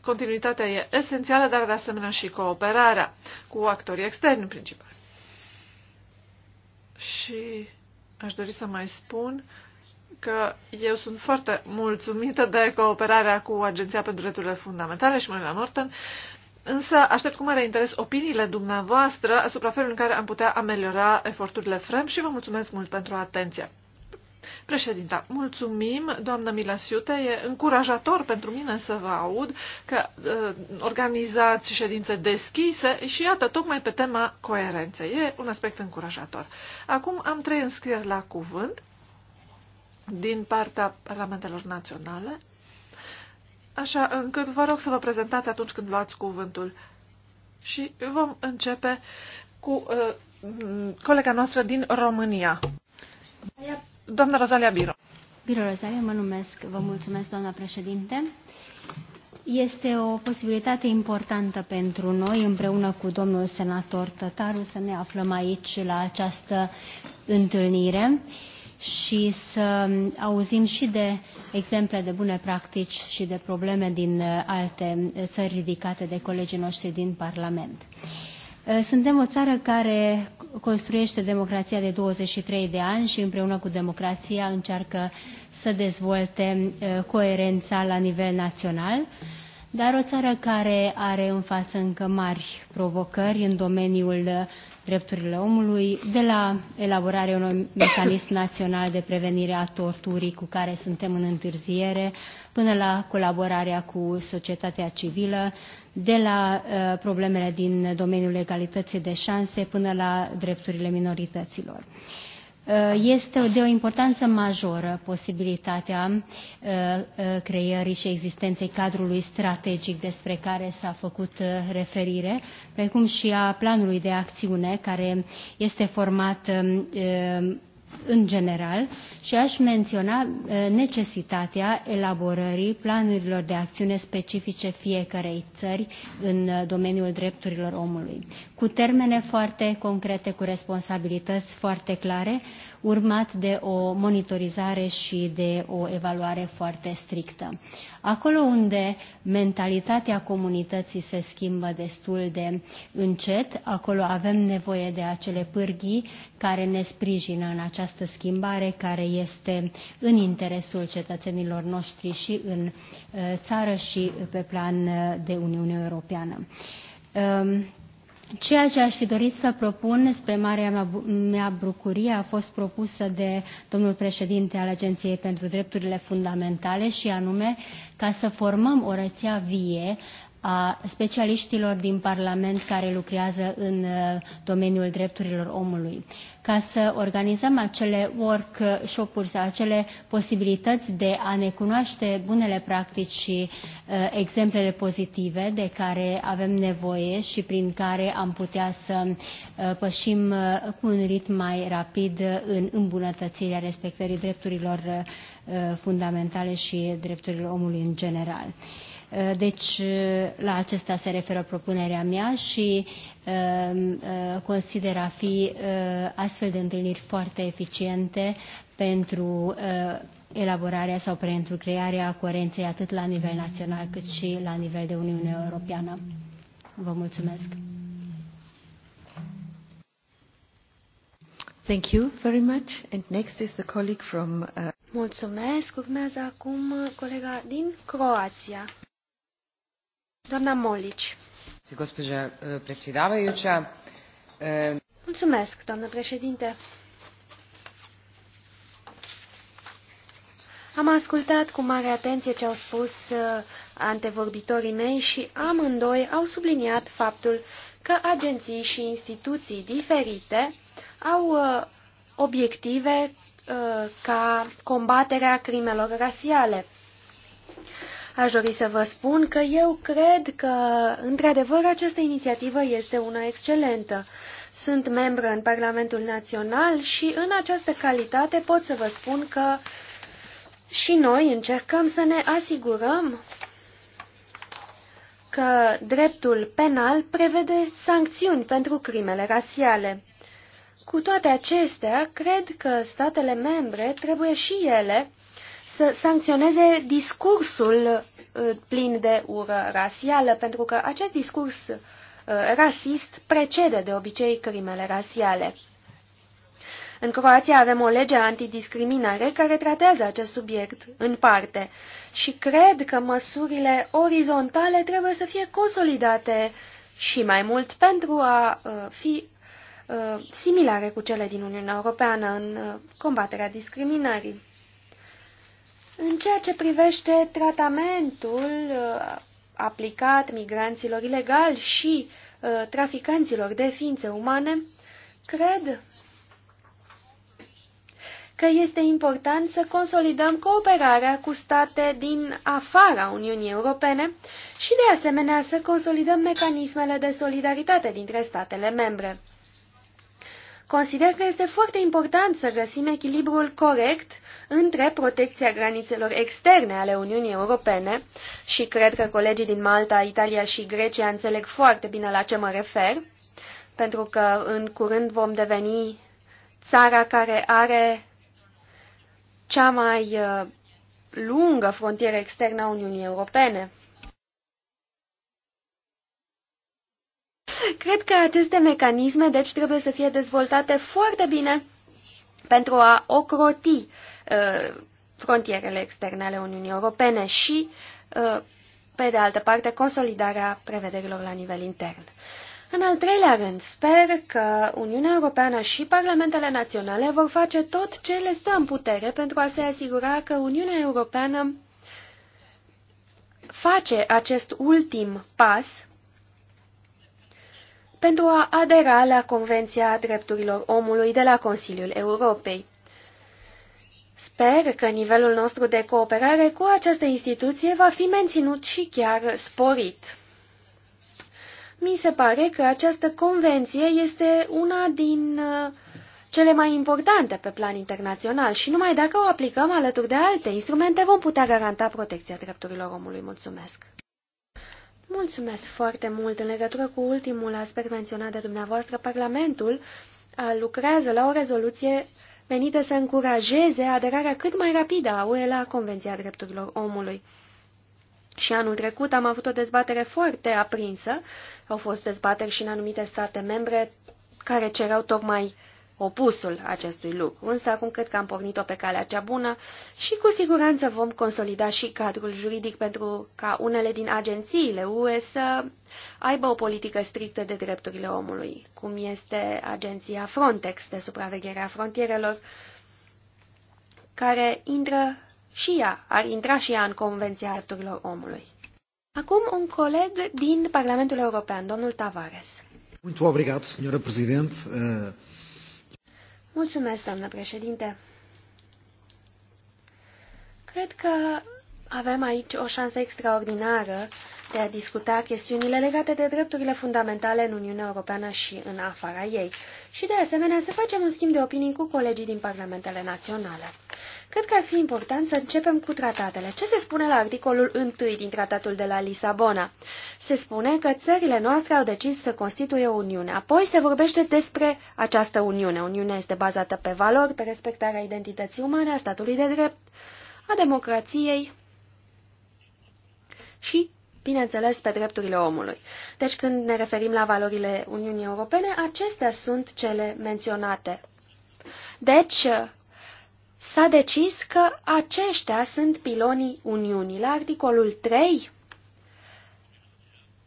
Continuitatea e esențială, dar de asemenea și cooperarea cu actorii externi în principal. Și aș dori să mai spun că eu sunt foarte mulțumită de cooperarea cu Agenția pentru Drepturile Fundamentale și Marina Norton, însă aștept cu mare interes opiniile dumneavoastră asupra felului în care am putea ameliora eforturile FREM și vă mulțumesc mult pentru atenție. Președinta, mulțumim, doamnă Milasiute, e încurajator pentru mine să vă aud că uh, organizați ședințe deschise și iată, tocmai pe tema coerenței. E un aspect încurajator. Acum am trei înscrieri la cuvânt din partea parlamentelor naționale, așa încât vă rog să vă prezentați atunci când luați cuvântul și vom începe cu uh, colega noastră din România. Doamna Rosalia Biro. Biro Rosalia, mă numesc. Vă mulțumesc, doamna președinte. Este o posibilitate importantă pentru noi, împreună cu domnul senator Tătaru, să ne aflăm aici la această întâlnire și să auzim și de exemple de bune practici și de probleme din alte țări ridicate de colegii noștri din Parlament. Uh, Eh, suntem o țară care construiește democrația de 23 de ani și împreună cu democrația încearcă să dezvolte eh, coerența la nivel național, dar o țară care are în față încă mari provocări în domeniul eh, drepturilor omului, de la elaborarea unui mecanism național de prevenire a torturii cu care suntem în întârziere, până la colaborarea cu societatea civilă, de la uh, problemele din domeniul egalității de șanse până la drepturile minorităților. Uh, este de o importanță majoră posibilitatea uh, creierii și existenței cadrului strategic despre care s-a făcut referire, precum și a planului de acțiune care este format um, în general și aș menționa uh, necesitatea elaborării planurilor de acțiune specifice fiecarei țări în uh, domeniul drepturilor omului, cu termene foarte concrete, cu responsabilități foarte clare, urmat de o monitorizare și de o evaluare foarte strictă. Acolo unde mentalitatea comunității se schimbă destul de încet, acolo avem nevoie de acele pârghii care ne sprijină în această schimbare, care este în interesul cetățenilor noștri și în uh, țară și pe plan uh, de Uniune Europeană. Um, Ceea ce aș fi dorit să propun, spre marea mea, bucurie, a fost propusă de domnul președinte al Agenției pentru Drepturile Fundamentale și anume ca să formăm o rețea vie a specialiștilor din Parlament care lucrează în uh, domeniul drepturilor omului, ca să organizăm acele workshop-uri uh, sau acele posibilități de a ne cunoaște bunele practici și uh, exemplele pozitive de care avem nevoie și prin care am putea să pășim cu un ritm mai rapid în îmbunătățirea respectării drepturilor fundamentale și drepturilor omului în general. Uh, Uh, deci uh, la acesta se referă propunerea mea și um, uh, consider a fi astfel de întâlniri foarte eficiente pentru elaborarea sau pentru crearea coerenței atât la nivel național cât și la nivel de Uniune Europeană. Vă mulțumesc. Thank you very much. And next is the colleague from uh... Mulțumesc. Urmează acum colega din Croația. Doamna Molici. Eh, eh, Mulțumesc, doamnă președinte. Am ascultat cu mare atenție ce au spus eh, antevorbitorii mei și amândoi au subliniat faptul că agenții și instituții diferite au obiective ca combaterea crimelor rasiale. Aș dori să vă spun că eu cred că, într-adevăr, această inițiativă este una excelentă. Sunt membră în Parlamentul Național și, în această calitate, pot să vă spun că și noi încercăm să ne asigurăm că dreptul penal prevede sancțiuni pentru crimele rasiale. Cu toate acestea, cred că statele membre trebuie și ele să sancționeze discursul uh, plin de ură rasială, pentru că acest discurs uh, rasist precede de obicei crimele rasiale. În Croația avem o lege antidiscriminare care tratează acest subiect în parte și cred că măsurile orizontale trebuie să fie consolidate și mai mult pentru a uh, fi similare cu cele din Uniunea Europeană în combaterea discriminării. În ceea ce privește tratamentul uh, aplicat migranților ilegali și uh, traficanților de ființe umane, cred că este important să consolidăm cooperarea cu state din afara Uniunii Europene și, de asemenea, să consolidăm mecanismele de solidaritate dintre statele membre. Consider că este foarte important să găsim echilibrul corect între protecția granițelor externe ale Uniunii Europene și cred că colegii din Malta, Italia și Grecia înțeleg foarte bine la ce mă refer, pentru că în curând vom deveni țara care are cea mai uh, lungă frontieră externă a Uniunii Europene. Cred că aceste mecanisme, deci, trebuie să fie dezvoltate foarte bine pentru a ocroti uh, frontierele externe ale Uniunii Europene și, uh, pe de altă parte, consolidarea prevederilor la nivel intern. În al treilea rând, sper că Uniunea Europeană și Parlamentele Naționale vor face tot ce le stă în putere pentru a se asigura că Uniunea Europeană face acest ultim pas pentru a adera la Convenția Drepturilor Omului de la Consiliul Europei. Sper că nivelul nostru de cooperare cu această instituție va fi menținut și chiar sporit. Mi se pare că această convenție este una din uh, cele mai importante pe plan internațional și numai dacă o aplicăm alături de alte instrumente vom putea garanta protecția drepturilor omului. Mulțumesc! Mulțumesc foarte mult. În legătură cu ultimul aspect menționat de dumneavoastră, Parlamentul lucrează la o rezoluție venită să încurajeze aderarea cât mai rapidă a UE la Convenția Drepturilor Omului. Și anul trecut am avut o dezbatere foarte aprinsă. Au fost dezbateri și în anumite state membre care cereau tocmai opusul acestui lucru. Însă acum cred că am pornit-o pe calea cea bună și cu siguranță vom consolida și cadrul juridic pentru ca unele din agențiile UE să aibă o politică strictă de drepturile omului, cum este agenția Frontex de supraveghere a frontierelor, care intră și ea, ar intra și ea în Convenția Drepturilor Omului. Acum un coleg din Parlamentul European, domnul Tavares. Muito obrigado, senhora Presidente. Uh... Mulțumesc, doamnă președinte. Cred că avem aici o șansă extraordinară de a discuta chestiunile legate de drepturile fundamentale în Uniunea Europeană și în afara ei și, de asemenea, să facem un schimb de opinii cu colegii din parlamentele naționale. Cred că ar fi important să începem cu tratatele. Ce se spune la articolul 1 din tratatul de la Lisabona? Se spune că țările noastre au decis să constituie o Uniune. Apoi se vorbește despre această Uniune. Uniunea este bazată pe valori, pe respectarea identității umane, a statului de drept, a democrației și bineînțeles, pe drepturile omului. Deci când ne referim la valorile Uniunii Europene, acestea sunt cele menționate. Deci, s-a decis că aceștia sunt pilonii Uniunii. La articolul 3,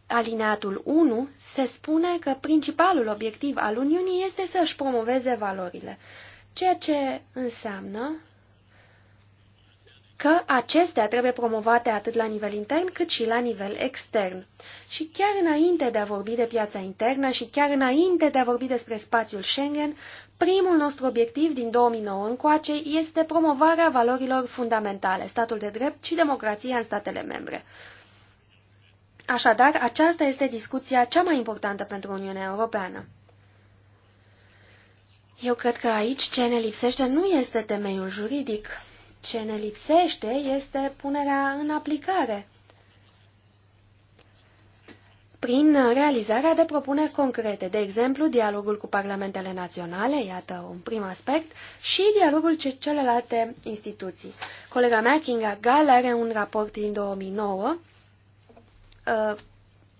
alineatul 1, se spune că principalul obiectiv al Uniunii este să-și promoveze valorile, ceea ce înseamnă că acestea trebuie promovate atât la nivel intern cât și la nivel extern. Și chiar înainte de a vorbi de piața internă și chiar înainte de a vorbi despre spațiul Schengen, primul nostru obiectiv din 2009 încoace este promovarea valorilor fundamentale, statul de drept și democrația în statele membre. Așadar, aceasta este discuția cea mai importantă pentru Uniunea Europeană. Eu cred că aici ce ne lipsește nu este temeiul juridic, ce ne lipsește este punerea în aplicare prin realizarea de propuneri concrete, de exemplu, dialogul cu parlamentele naționale, iată un prim aspect, și dialogul cu celelalte instituții. Colega mea, Kinga Gall, are un raport din 2009, uh,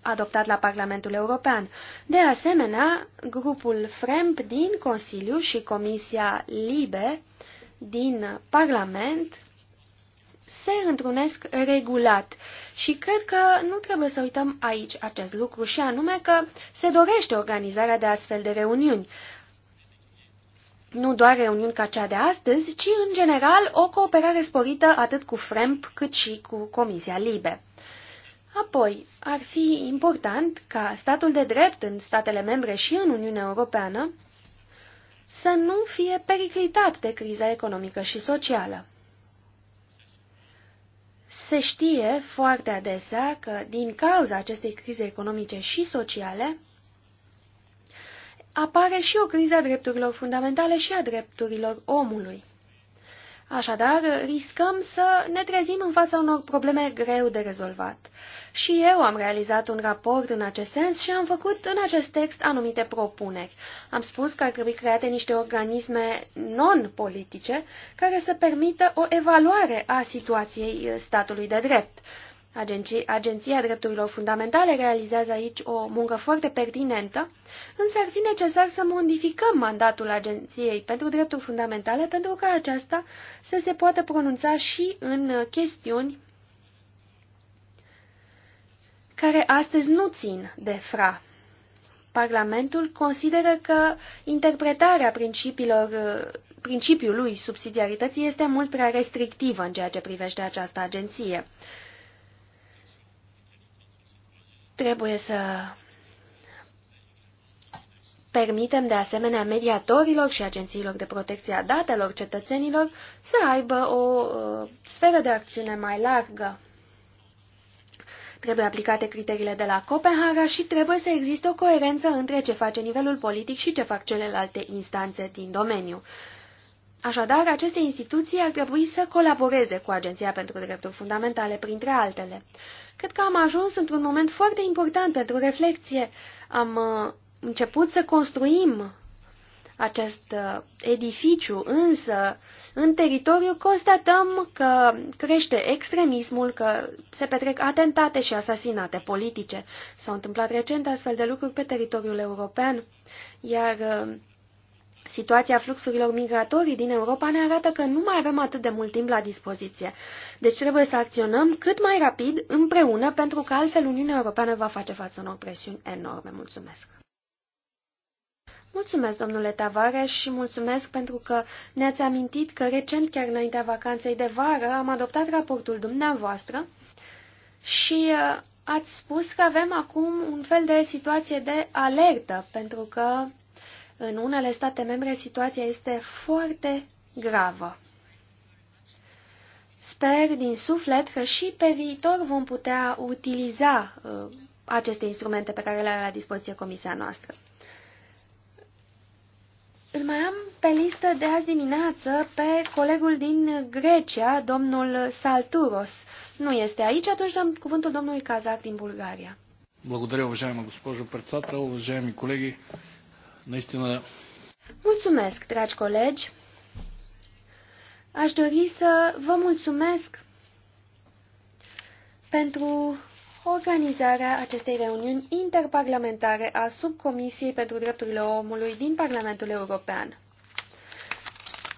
adoptat la Parlamentul European. De asemenea, grupul FREMP din Consiliu și Comisia LIBE din Parlament se întrunesc regulat și cred că nu trebuie să uităm aici acest lucru și anume că se dorește organizarea de astfel de reuniuni. Nu doar reuniuni ca cea de astăzi, ci în general o cooperare sporită atât cu FREMP cât și cu Comisia Libe. Apoi, ar fi important ca statul de drept în statele membre și în Uniunea Europeană să nu fie periclitat de criza economică și socială. Se știe foarte adesea că, din cauza acestei crize economice și sociale, apare și o criză a drepturilor fundamentale și a drepturilor omului. Așadar, riscăm să ne trezim în fața unor probleme greu de rezolvat. Și eu am realizat un raport în acest sens și am făcut în acest text anumite propuneri. Am spus că ar trebui create niște organisme non-politice care să permită o evaluare a situației statului de drept Agenția Drepturilor Fundamentale realizează aici o muncă foarte pertinentă, însă ar fi necesar să modificăm mandatul Agenției pentru Drepturi Fundamentale pentru ca aceasta să se poată pronunța și în chestiuni care astăzi nu țin de FRA. Parlamentul consideră că interpretarea principiilor principiului subsidiarității este mult prea restrictivă în ceea ce privește această agenție. Trebuie să Permitem de asemenea mediatorilor și agențiilor de protecție a datelor cetățenilor să aibă o uh, sferă de acțiune mai largă. Trebuie aplicate criteriile de la Copenhaga și trebuie să existe o coerență între ce face nivelul politic și ce fac celelalte instanțe din domeniu. Așadar, aceste instituții ar trebui să colaboreze cu Agenția pentru Drepturi Fundamentale, printre altele. Cred că am ajuns într-un moment foarte important pentru reflexie. Am uh, început să construim acest uh, edificiu, însă în teritoriu constatăm că crește extremismul, că se petrec atentate și asasinate politice. S-au întâmplat recent astfel de lucruri pe teritoriul european, iar uh, Situația fluxurilor migratorii din Europa ne arată că nu mai avem atât de mult timp la dispoziție, deci trebuie să acționăm cât mai rapid împreună pentru că altfel Uniunea Europeană va face față unor presiuni enorme. Mulțumesc! Mulțumesc, domnule Tavares, și mulțumesc pentru că ne-ați amintit că recent, chiar înaintea vacanței de vară, am adoptat raportul dumneavoastră și uh, ați spus că avem acum un fel de situație de alertă, pentru că în unele state membre situația este foarte gravă. Sper din suflet că și pe viitor vom putea utiliza uh, aceste instrumente pe care le are la dispoziție comisia noastră. Îl mai am pe listă de azi dimineață pe colegul din Grecia, domnul Salturos. Nu este aici, atunci dăm cuvântul domnului Cazac din Bulgaria. Благодаря, уважаема госпожо председател, уважаеми колеги. Naistină... Mulțumesc, dragi colegi. Aș dori să vă mulțumesc pentru organizarea acestei reuniuni interparlamentare a Subcomisiei pentru Drepturile Omului din Parlamentul European,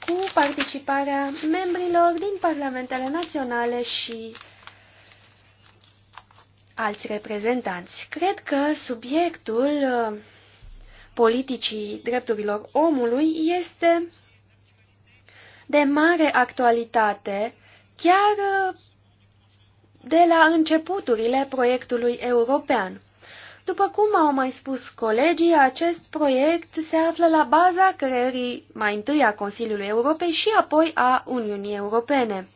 cu participarea membrilor din Parlamentele Naționale și alți reprezentanți. Cred că subiectul politicii drepturilor omului este de mare actualitate chiar uh, de la începuturile proiectului european. După cum au mai spus colegii, acest proiect se află la baza creării mai întâi a Consiliului Europei și apoi a Uniunii Europene.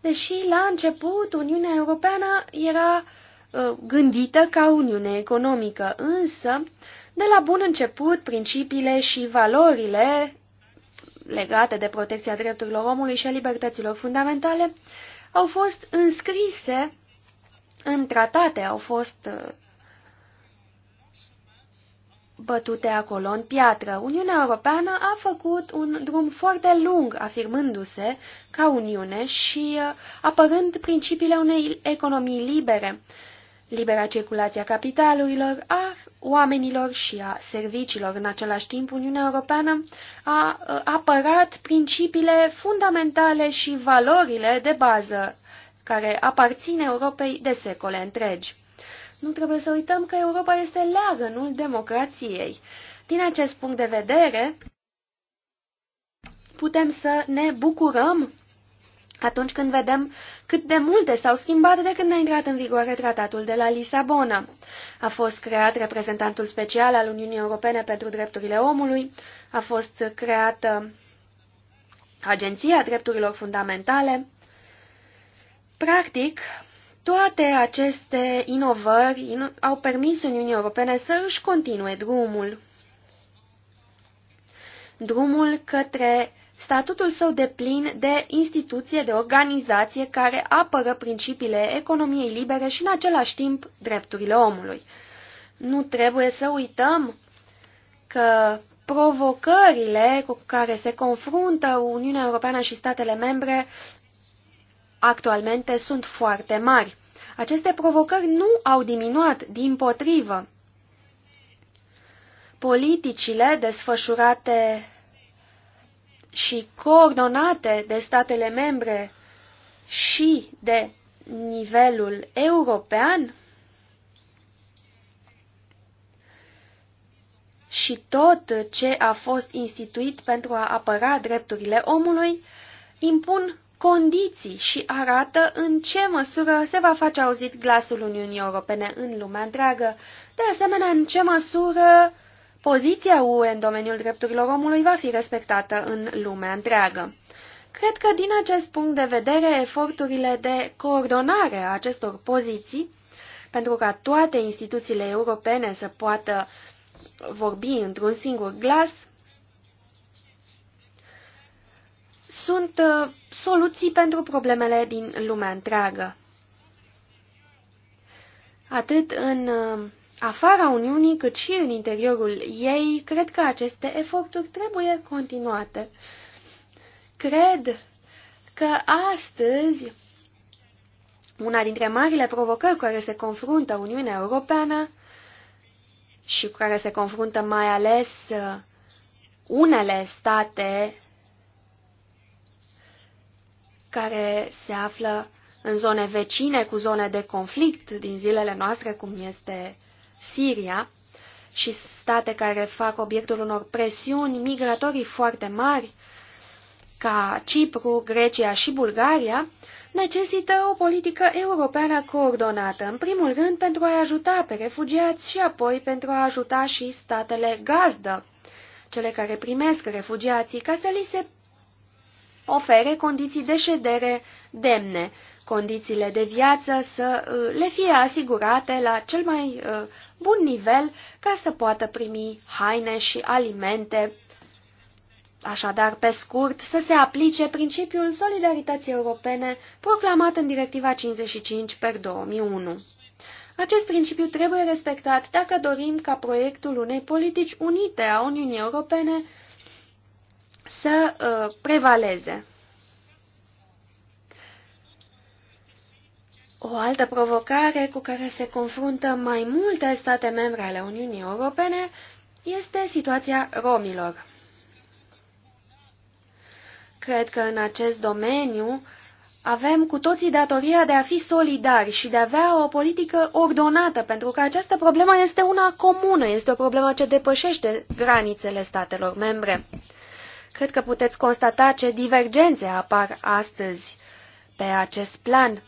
Deși la început Uniunea Europeană era uh, gândită ca Uniune Economică, însă de la bun început principiile și valorile legate de protecția drepturilor omului și a libertăților fundamentale au fost înscrise în tratate, au fost uh, bătute acolo în piatră. Uniunea Europeană a făcut un drum foarte lung, afirmându-se ca Uniune și uh, apărând principiile unei economii libere, libera circulație a capitalurilor, a oamenilor și a serviciilor. În același timp, Uniunea Europeană a apărat principiile fundamentale și valorile de bază care aparțin Europei de secole întregi. Nu trebuie să uităm că Europa este leagănul democrației. Din acest punct de vedere, putem să ne bucurăm atunci când vedem cât de multe s-au schimbat de când a intrat în vigoare tratatul de la Lisabona. A fost creat reprezentantul special al Uniunii Europene pentru drepturile omului, a fost creată Agenția Drepturilor Fundamentale. Practic, toate aceste inovări au permis Uniunii Europene să își continue drumul. Drumul către statutul său de plin de instituție, de organizație care apără principiile economiei libere și în același timp drepturile omului. Nu trebuie să uităm că provocările cu care se confruntă Uniunea Europeană și statele membre actualmente sunt foarte mari. Aceste provocări nu au diminuat, din potrivă. Politicile desfășurate și coordonate de statele membre și de nivelul european și tot ce a fost instituit pentru a apăra drepturile omului impun condiții și arată în ce măsură se va face auzit glasul Uniunii Europene în lumea întreagă, de asemenea în ce măsură uh, poziția UE în domeniul drepturilor omului va fi respectată în lumea întreagă. Cred că din acest punct de vedere, eforturile de coordonare a acestor poziții, pentru ca toate instituțiile europene să poată vorbi într-un singur glas, sunt uh, soluții pentru problemele din lumea întreagă. Atât în uh, afara Uniunii, cât și în interiorul ei, cred că aceste eforturi trebuie continuate. Cred că astăzi una dintre marile provocări cu care se confruntă Uniunea Europeană și cu care se confruntă mai ales uh, unele state care se află în zone vecine cu zone de conflict din zilele noastre, cum este uh, Siria și state care fac obiectul unor presiuni migratorii foarte mari, ca Cipru, Grecia și Bulgaria, necesită o politică europeană coordonată, în primul rând pentru a ajuta pe refugiați și apoi pentru a ajuta și statele gazdă, cele care primesc refugiații, ca să li se ofere condiții de ședere demne condițiile de viață să uh, le fie asigurate la cel mai uh, bun nivel ca să poată primi haine și alimente. Așadar, pe scurt, să se aplice principiul solidarității europene proclamat în Directiva 55 per 2001. Acest principiu trebuie respectat dacă dorim ca proiectul unei politici unite a Uniunii Europene să uh, prevaleze. O altă provocare cu care se confruntă mai multe state membre ale Uniunii Europene este situația romilor. Cred că în acest domeniu avem cu toții datoria de a fi solidari și de a avea o politică ordonată, pentru că această problemă este una comună, este o problemă ce depășește granițele statelor membre. Cred că puteți constata ce divergențe apar astăzi pe acest plan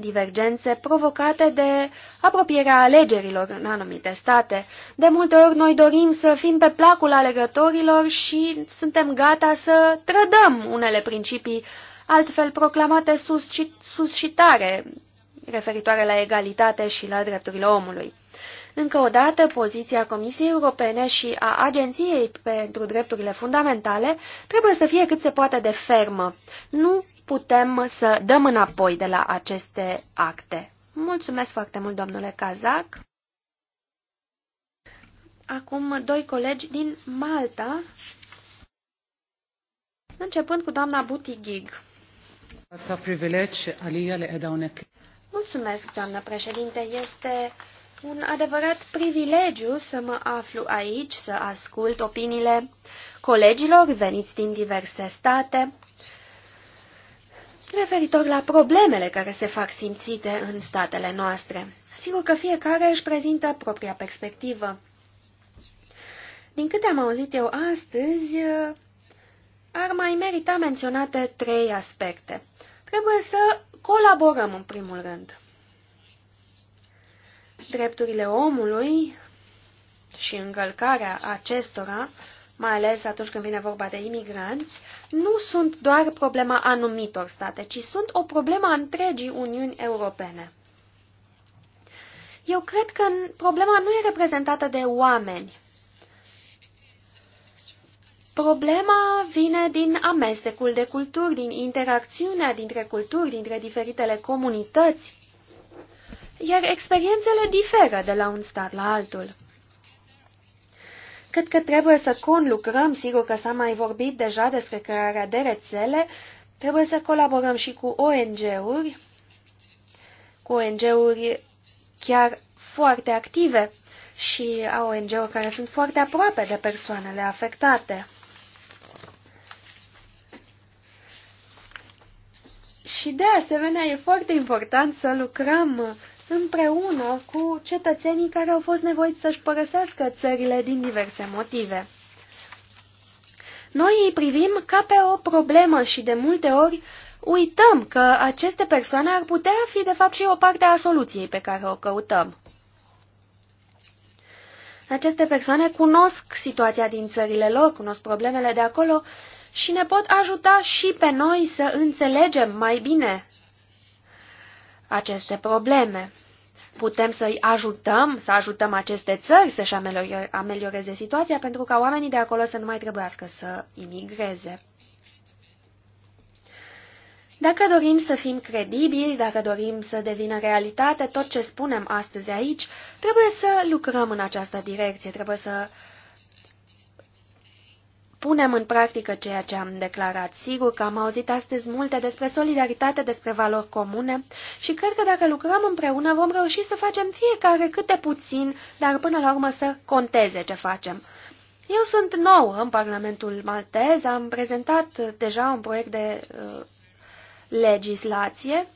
divergențe provocate de apropierea alegerilor în anumite state. De multe ori noi dorim să fim pe placul alegătorilor și suntem gata să trădăm unele principii altfel proclamate sus și, sus și tare, referitoare la egalitate și la drepturile omului. Încă o dată, poziția Comisiei Europene și a Agenției pentru Drepturile Fundamentale trebuie să fie cât se poate de fermă. Nu putem să dăm înapoi de la aceste acte. Mulțumesc foarte mult, domnule Cazac. Acum doi colegi din Malta, începând cu doamna Butigig. Mulțumesc, doamna președinte. Este un adevărat privilegiu să mă aflu aici, să ascult opiniile colegilor veniți din diverse state referitor la problemele care se fac simțite în statele noastre. Sigur că fiecare își prezintă propria perspectivă. Din câte am auzit eu astăzi, ar mai merita menționate trei aspecte. Trebuie să colaborăm în primul rând. Drepturile omului și încălcarea acestora mai ales atunci când vine vorba de imigranți, nu sunt doar problema anumitor state, ci sunt o problemă a întregii Uniuni Europene. Eu cred că problema nu e reprezentată de oameni. Problema vine din amestecul de culturi, din interacțiunea dintre culturi, dintre diferitele comunități, iar experiențele diferă de la un stat la altul. Cred că trebuie să conlucrăm, sigur că s-a mai vorbit deja despre crearea de rețele, trebuie să colaborăm și cu ONG-uri, cu ONG-uri chiar foarte active și a ONG-uri care sunt foarte aproape de persoanele afectate. Și de asemenea e foarte important să lucrăm împreună cu cetățenii care au fost nevoiți să-și părăsească țările din diverse motive. Noi îi privim ca pe o problemă și de multe ori uităm că aceste persoane ar putea fi de fapt și o parte a soluției pe care o căutăm. Aceste persoane cunosc situația din țările lor, cunosc problemele de acolo și ne pot ajuta și pe noi să înțelegem mai bine aceste probleme. Putem să-i ajutăm, să ajutăm aceste țări să-și amelioreze situația pentru ca oamenii de acolo să nu mai trebuiască să imigreze. Dacă dorim să fim credibili, dacă dorim să devină realitate tot ce spunem astăzi aici, trebuie să lucrăm în această direcție, trebuie să punem în practică ceea ce am declarat. Sigur că am auzit astăzi multe despre solidaritate, despre valori comune și cred că dacă lucrăm împreună vom reuși să facem fiecare câte puțin, dar până la urmă să conteze ce facem. Eu sunt nou în Parlamentul Maltez, am prezentat deja un proiect de uh, legislație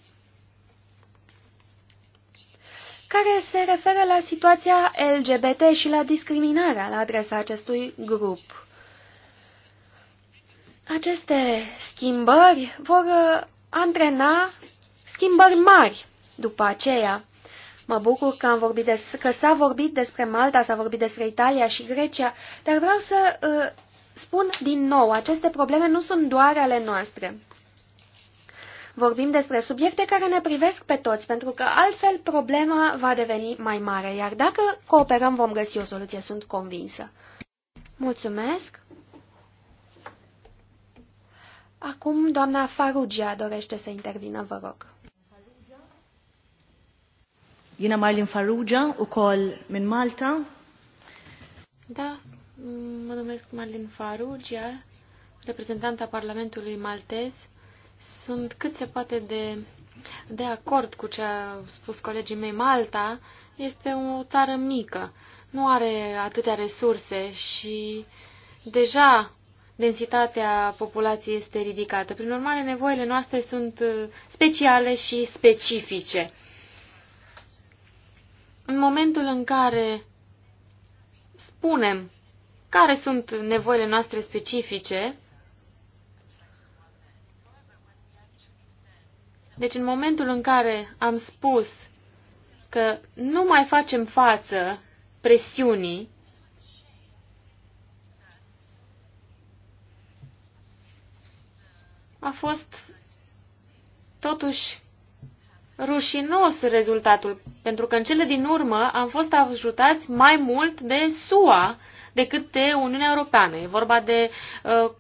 care se referă la situația LGBT și la discriminarea la adresa acestui grup. Aceste schimbări vor uh, antrena schimbări mari după aceea. Mă bucur că, am vorbit des, că s-a vorbit despre Malta, s-a vorbit despre Italia și Grecia, dar vreau să uh, spun din nou, aceste probleme nu sunt doar ale noastre. Vorbim despre subiecte care ne privesc pe toți, pentru că altfel problema va deveni mai mare, iar dacă cooperăm vom găsi o soluție, sunt convinsă. Mulțumesc! Acum doamna Farugia dorește să intervină, vă rog. Jina Marlin Farugia, u kol min Malta. Da, mă numesc Marlin Farugia, reprezentanta Parlamentului Maltez. Sunt cât se poate de, de acord cu ce au spus colegii mei. Malta este o țară mică, nu are atâtea resurse și deja densitatea populației este ridicată. Prin urmare, nevoile noastre sunt uh, speciale și specifice. În momentul în care spunem care sunt nevoile noastre specifice, deci în momentul în care am spus că nu mai facem față presiunii a fost totuși rușinos rezultatul, pentru că în cele din urmă am fost ajutați mai mult de SUA decât de Uniunea Europeană. E vorba de uh,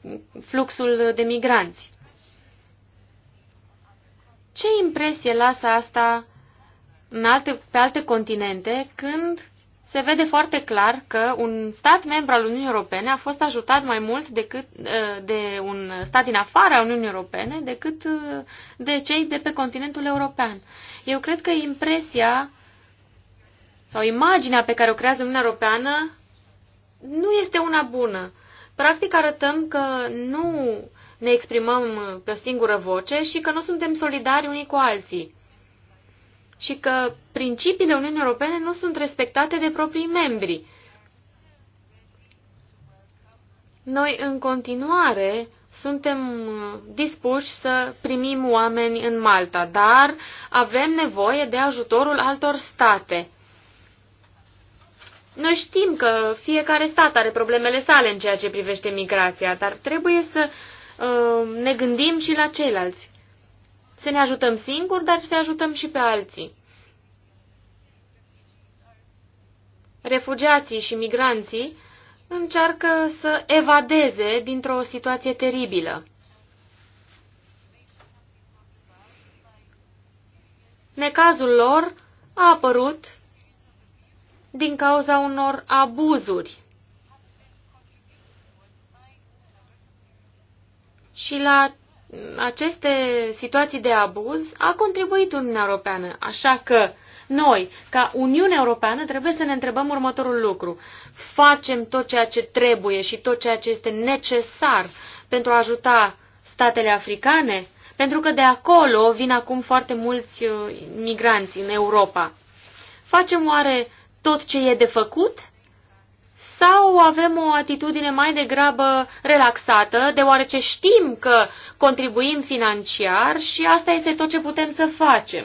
fluxul de migranți. Ce impresie lasă asta în alte, pe alte continente când se vede foarte clar că un stat membru al Uniunii Europene a fost ajutat mai mult decât uh, de un stat din afara Uniunii Europene decât uh, de cei de pe continentul european. Eu cred că impresia sau imaginea pe care o creează Uniunea Europeană nu este una bună. Practic arătăm că nu ne exprimăm pe o singură voce și că nu suntem solidari unii cu alții și că principiile Uniunii Europene nu sunt respectate de proprii membri. Noi, în continuare, suntem dispuși să primim oameni în Malta, dar avem nevoie de ajutorul altor state. Noi știm că fiecare stat are problemele sale în ceea ce privește migrația, dar trebuie să uh, ne gândim și la ceilalți să ne ajutăm singuri, dar să ajutăm și pe alții. Refugiații și migranții încearcă să evadeze dintr-o situație teribilă. Necazul lor a apărut din cauza unor abuzuri și la aceste situații de abuz a contribuit Uniunea Europeană. Așa că noi, ca Uniunea Europeană, trebuie să ne întrebăm următorul lucru. Facem tot ceea ce trebuie și tot ceea ce este necesar pentru a ajuta statele africane? Pentru că de acolo vin acum foarte mulți uh, migranți în Europa. Facem oare tot ce e de făcut? sau avem o atitudine mai degrabă relaxată, deoarece știm că contribuim financiar și asta este tot ce putem să facem.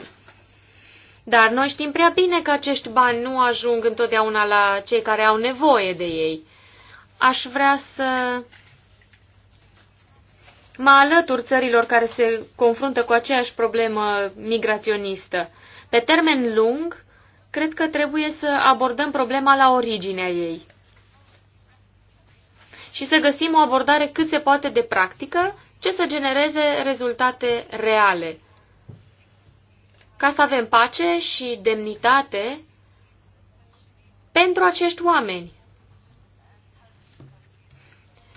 Dar noi știm prea bine că acești bani nu ajung întotdeauna la cei care au nevoie de ei. Aș vrea să mă alătur țărilor care se confruntă cu aceeași problemă migraționistă. Pe termen lung, cred că trebuie să abordăm problema la originea ei și să găsim o abordare cât se poate de practică ce să genereze rezultate reale. Ca să avem pace și demnitate pentru acești oameni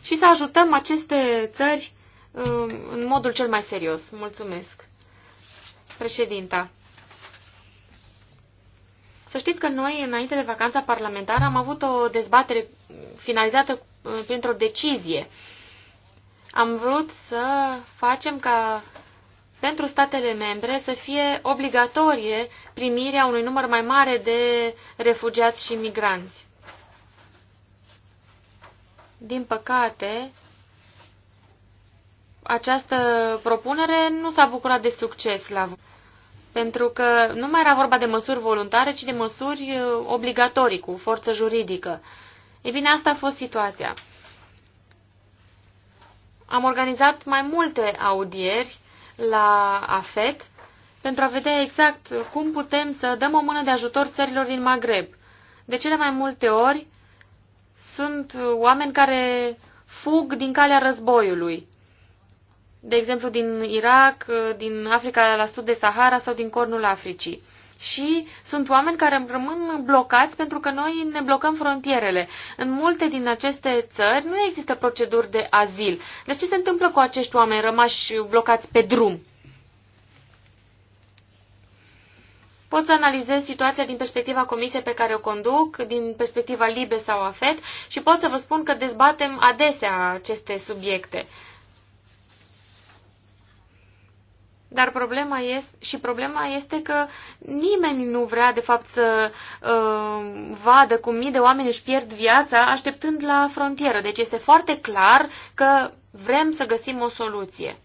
și să ajutăm aceste țări um, în modul cel mai serios. Mulțumesc. Președinta. Să știți că noi, înainte de vacanța parlamentară, am avut o dezbatere finalizată printr-o decizie. Am vrut să facem ca pentru statele membre să fie obligatorie primirea unui număr mai mare de refugiați și migranți. Din păcate, această propunere nu s-a bucurat de succes la pentru că nu mai era vorba de măsuri voluntare, ci de măsuri uh, obligatorii cu forță juridică. E bine, asta a fost situația. Am organizat mai multe audieri la AFET pentru a vedea exact cum putem să dăm o mână de ajutor țărilor din Maghreb. De cele mai multe ori sunt oameni care fug din calea războiului. De exemplu, din Irak, din Africa la sud de Sahara sau din cornul Africii și sunt oameni care rămân blocați pentru că noi ne blocăm frontierele. În multe din aceste țări nu există proceduri de azil. Deci ce se întâmplă cu acești oameni rămași blocați pe drum? Pot să analizez situația din perspectiva comisiei pe care o conduc, din perspectiva LIBE sau AFET și pot să vă spun că dezbatem adesea aceste subiecte. Dar problema este, și problema este că nimeni nu vrea, de fapt, să uh, vadă cum mii de oameni își pierd viața așteptând la frontieră. Deci este foarte clar că vrem să găsim o soluție.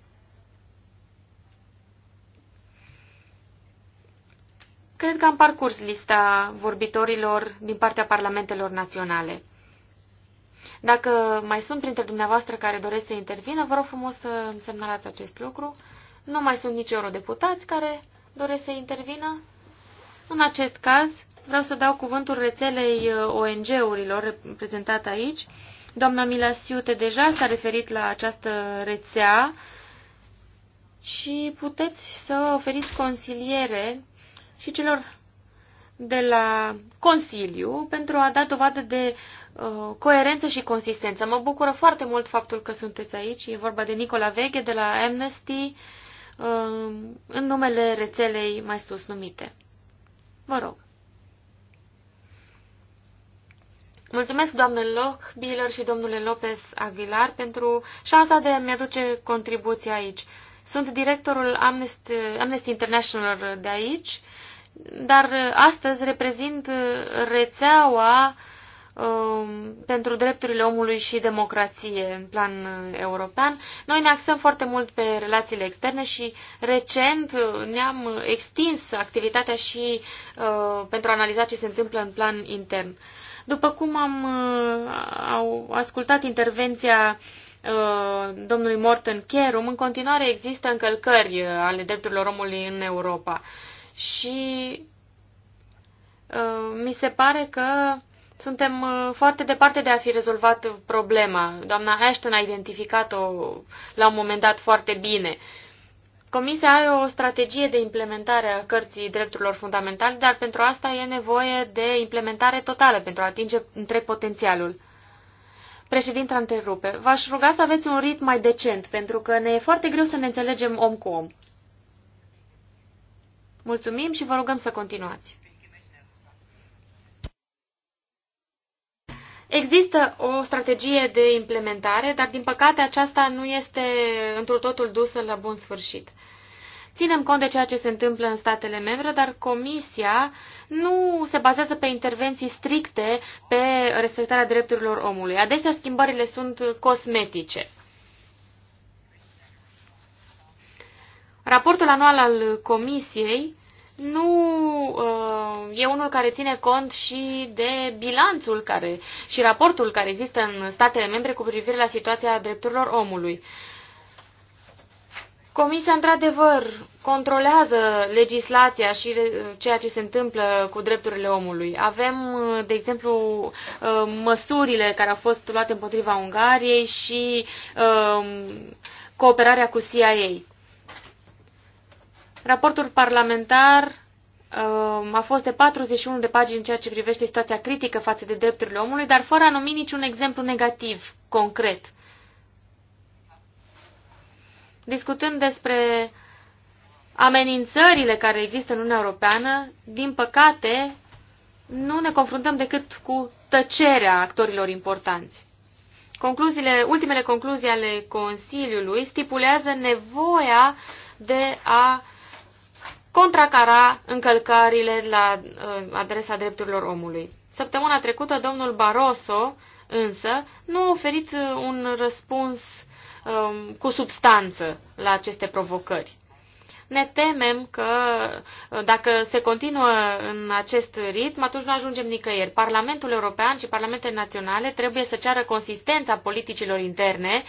Cred că am parcurs lista vorbitorilor din partea parlamentelor naționale. Dacă mai sunt printre dumneavoastră care doresc să intervină, vă rog frumos să semnalați acest lucru. Nu mai sunt nici eurodeputați care doresc să intervină. În acest caz, vreau să dau cuvântul rețelei uh, ONG-urilor reprezentate aici. Doamna Mila Siute deja s-a referit la această rețea și puteți să oferiți consiliere și celor de la Consiliu pentru a da dovadă de uh, coerență și consistență. Mă bucură foarte mult faptul că sunteți aici. E vorba de Nicola Veghe de la Amnesty, Uh, în numele rețelei mai sus numite. Vă rog. Mulțumesc, doamnă Loch, Biller și domnule Lopez Aguilar, pentru șansa de a-mi aduce contribuția aici. Sunt directorul Amnesty, Amnesty International de aici, dar uh, astăzi reprezint uh, rețeaua uh, Um, pentru drepturile omului și democrație în plan european. Noi ne axăm foarte mult pe relațiile externe și recent ne-am extins activitatea și uh, pentru a analiza ce se întâmplă în plan intern. După cum am uh, au ascultat intervenția uh, domnului Morten Kerum, în continuare există încălcări ale drepturilor omului în Europa. Și mi se pare că suntem uh, foarte departe de a fi rezolvat problema. Doamna Ashton a identificat-o la un moment dat foarte bine. Comisia are o strategie de implementare a cărții drepturilor fundamentale, dar pentru asta e nevoie de implementare totală pentru a atinge între potențialul. Președinta întrerupe. V-aș ruga să aveți un ritm mai decent, pentru că ne e foarte greu să ne înțelegem om cu om. Mulțumim și vă rugăm să continuați. Există o strategie de implementare, dar din păcate aceasta nu este într totul dusă la bun sfârșit. Ținem cont de ceea ce se întâmplă în statele membre, dar Comisia nu se bazează pe intervenții stricte pe respectarea drepturilor omului. Adesea schimbările sunt cosmetice. Raportul anual al Comisiei nu uh, e unul care ține cont și de bilanțul care, și raportul care există în statele membre cu privire la situația drepturilor omului. Comisia, într-adevăr, controlează legislația și uh, ceea ce se întâmplă cu drepturile omului. Avem, uh, de exemplu, măsurile care au fost luate împotriva Ungariei și cooperarea cu CIA. Raportul parlamentar um, a fost de 41 de pagini în ceea ce privește situația critică față de drepturile omului, dar fără a numi niciun exemplu negativ, concret. Discutând despre amenințările care există în Uniunea Europeană, din păcate, nu ne confruntăm decât cu tăcerea actorilor importanți. Concluziile, ultimele concluzii ale Consiliului stipulează nevoia de a uh, contracara încălcările la uh, adresa drepturilor omului. Săptămâna trecută, domnul Barroso însă nu a oferit uh, un răspuns um, cu substanță la aceste provocări. Ne temem că uh, dacă se continuă în acest ritm, atunci nu ajungem nicăieri. Parlamentul European și parlamentele naționale trebuie să ceară consistența politicilor interne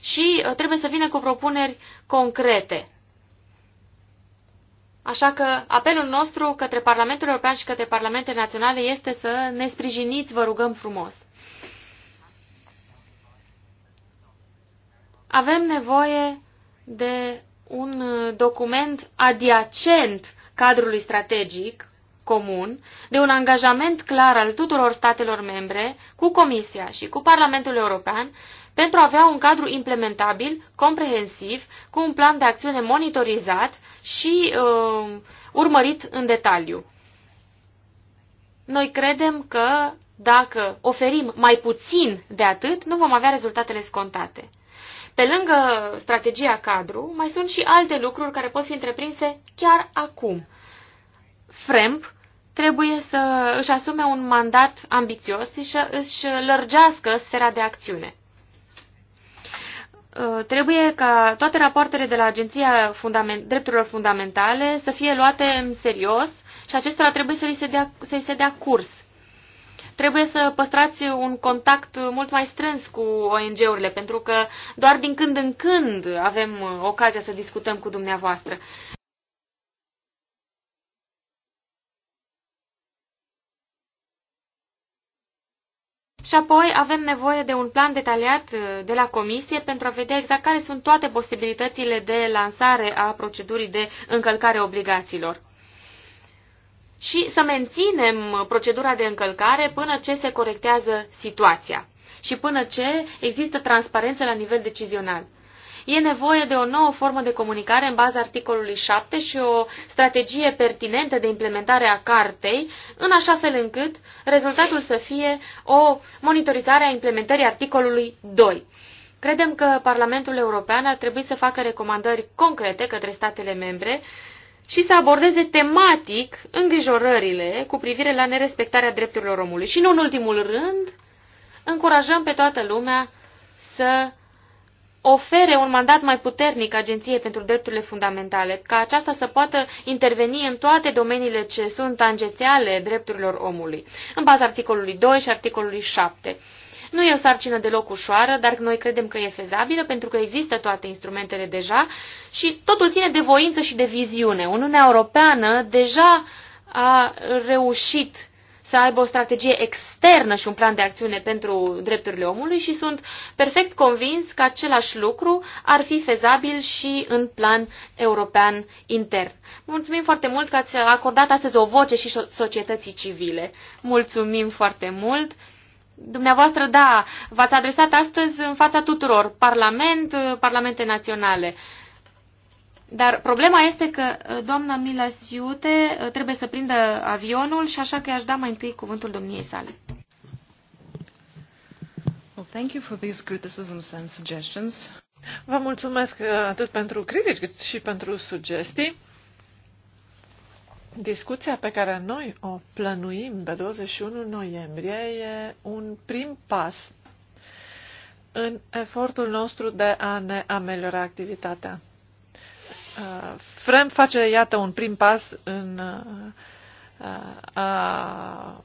și trebuie să vină cu propuneri concrete Așa că apelul nostru către Parlamentul European și către Parlamentele Naționale este să ne sprijiniți, vă rugăm frumos. Avem nevoie de un document adiacent cadrului strategic comun, de un angajament clar al tuturor statelor membre cu Comisia și cu Parlamentul European pentru a avea un cadru implementabil, comprehensiv, cu un plan de acțiune monitorizat și uh, urmărit în detaliu. Noi credem că dacă oferim mai puțin de atât, nu vom avea rezultatele scontate. Pe lângă strategia cadru, mai sunt și alte lucruri care pot fi întreprinse chiar acum. FREMP trebuie să își asume un mandat ambițios și să își lărgească sfera de acțiune. Uh, trebuie ca toate rapoartele de la Agenția Fundament Drepturilor Fundamentale să fie luate în serios și acestora trebuie să-i se, dea, să se dea curs. Trebuie să păstrați un contact mult mai strâns cu ONG-urile, pentru că doar din când în când avem ocazia să discutăm cu dumneavoastră. Și apoi avem nevoie de un plan detaliat uh, de la comisie pentru a vedea exact care sunt toate posibilitățile de lansare a procedurii de încălcare obligațiilor. Și să menținem procedura de încălcare până ce se corectează situația și până ce există transparență la nivel decizional. E nevoie de o nouă formă de comunicare în baza articolului 7 și o strategie pertinentă de implementare a cartei, în așa fel încât rezultatul să fie o monitorizare a implementării articolului 2. Credem că Parlamentul European ar trebui să facă recomandări concrete către statele membre și să abordeze tematic îngrijorările cu privire la nerespectarea drepturilor omului. Și nu în ultimul rând, încurajăm pe toată lumea să ofere un mandat mai puternic Agenției pentru Drepturile Fundamentale, ca aceasta să poată interveni în toate domeniile ce sunt tangențiale drepturilor omului, în baza articolului 2 și articolului 7. Nu e o sarcină deloc ușoară, dar noi credem că e fezabilă pentru că există toate instrumentele deja și totul ține de voință și de viziune. Uniunea Europeană deja a reușit uh, să aibă o strategie externă și un plan de acțiune pentru drepturile omului și sunt perfect convins că același lucru ar fi fezabil și în plan european intern. Mulțumim foarte mult că ați acordat astăzi o voce și societății civile. Mulțumim foarte mult! Dumneavoastră, da, v-ați adresat astăzi în fața tuturor, Parlament, Parlamente Naționale. Dar problema este că uh, doamna Mila Siute uh, trebuie să prindă avionul și așa că i-aș da mai întâi cuvântul domniei sale. Well, thank you for these criticisms and suggestions. Vă mulțumesc uh, atât pentru critici cât și pentru sugestii. Discuția pe care noi o plănuim pe 21 noiembrie e un prim pas în efortul nostru de a ne ameliora activitatea. FREM uh, face, iată, un prim pas în uh, a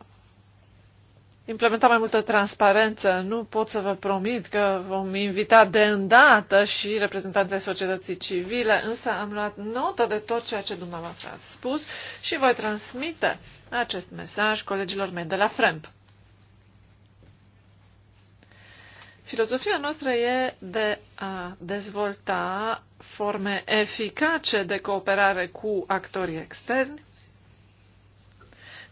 implementa mai multă transparență. Nu pot să vă promit că vom invita de îndată și reprezentanții societății civile, însă am luat notă de tot ceea ce dumneavoastră ați spus și voi transmite acest mesaj colegilor mei de la FREMP. Filozofia noastră e de a dezvolta forme eficace de cooperare cu actorii externi,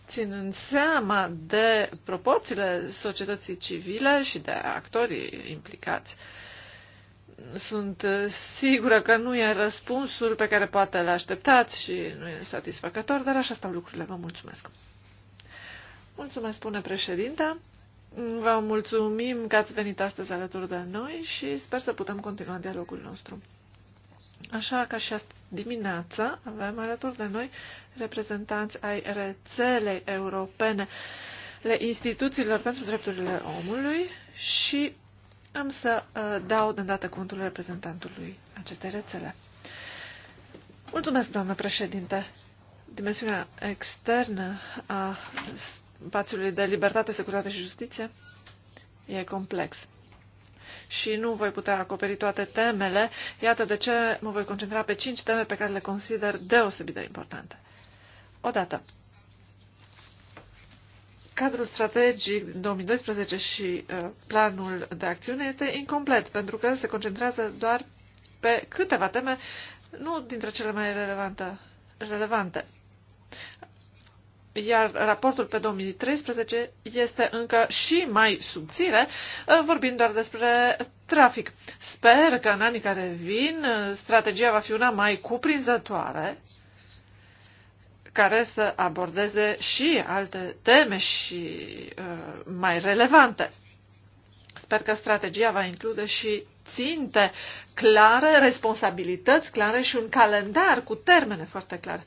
ținând seama de proporțiile societății civile și de actorii implicați. Sunt sigură că nu e răspunsul pe care poate le așteptați și nu e satisfăcător, dar așa stau lucrurile. Vă mulțumesc. Mulțumesc, spune președinta. Vă mulțumim că ați venit astăzi alături de noi și sper să putem continua dialogul nostru. Așa ca și astăzi dimineața avem alături de noi reprezentanți ai rețelei europene ale instituțiilor pentru drepturile omului și am să uh, dau de îndată cuvântul reprezentantului acestei rețele. Mulțumesc, doamnă președinte. Dimensiunea externă a spațiului de libertate, securitate și justiție e complex. Și nu voi putea acoperi toate temele, iată de ce mă voi concentra pe cinci teme pe care le consider deosebit de importante. Odată, cadrul strategic 2012 și uh, planul de acțiune este incomplet, pentru că se concentrează doar pe câteva teme, nu dintre cele mai relevante. relevante iar raportul pe 2013 este încă și mai subțire, uh, vorbind doar despre trafic. Sper că în anii care vin uh, strategia va fi una mai cuprinzătoare, care să abordeze și alte teme și uh, mai relevante. Sper că strategia va include și ținte clare, responsabilități clare și un calendar cu termene foarte clare.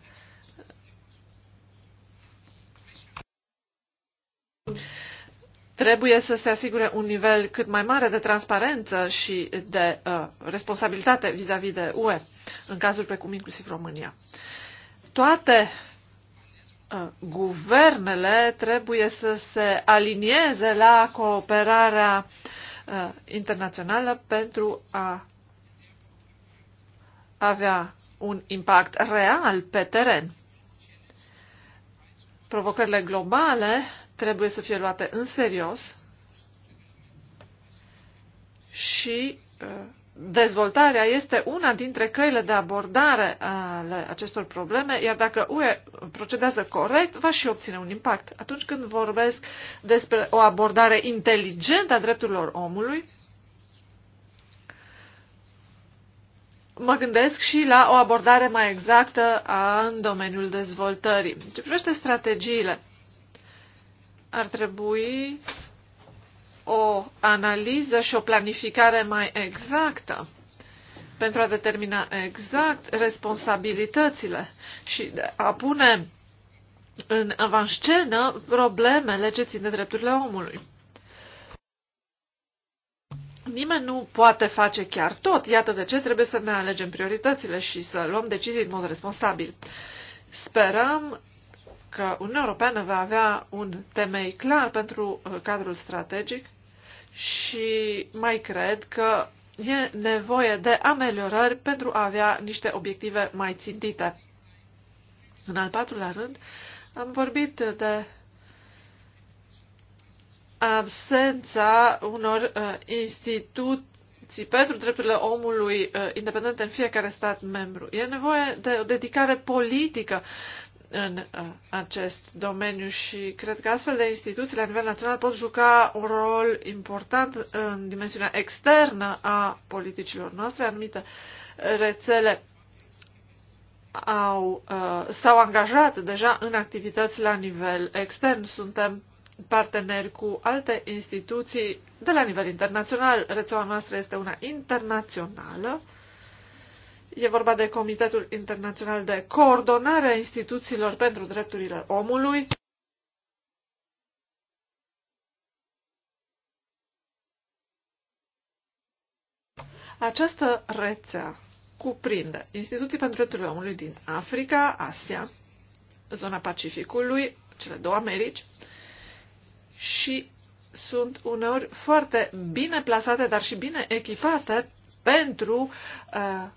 Trebuie să se asigure un nivel cât mai mare de transparență și de uh, responsabilitate vis-a-vis -vis de UE, în cazuri precum inclusiv România. Toate uh, guvernele trebuie să se alinieze la cooperarea uh, internațională pentru a avea un impact real pe teren. Provocările globale trebuie să fie luate în serios și uh, dezvoltarea este una dintre căile de abordare ale acestor probleme, iar dacă UE procedează corect, va și obține un impact. Atunci când vorbesc despre o abordare inteligentă a drepturilor omului, mă gândesc și la o abordare mai exactă a, în domeniul dezvoltării. Ce privește strategiile, ar trebui o analiză și o planificare mai exactă pentru a determina exact responsabilitățile și a pune în avanscenă problemele ce țin de drepturile omului. Nimeni nu poate face chiar tot. Iată de ce trebuie să ne alegem prioritățile și să luăm decizii în mod responsabil. Sperăm că Uniunea Europeană va avea un temei clar pentru uh, cadrul strategic și mai cred că e nevoie de ameliorări pentru a avea niște obiective mai țintite. În al patrulea rând, am vorbit de absența unor uh, instituții pentru drepturile omului uh, independente în fiecare stat membru. E nevoie de o dedicare politică în uh, acest domeniu și cred că astfel de instituții la nivel național pot juca un rol important în dimensiunea externă a politicilor noastre. Anumite rețele au, uh, s-au angajat deja în activități la nivel extern. Suntem parteneri cu alte instituții de la nivel internațional. Rețeaua noastră este una internațională E vorba de Comitetul Internațional de Coordonare a Instituțiilor pentru Drepturile Omului. Această rețea cuprinde instituții pentru drepturile omului din Africa, Asia, zona Pacificului, cele două Americi și sunt uneori foarte bine plasate, dar și bine echipate pentru uh,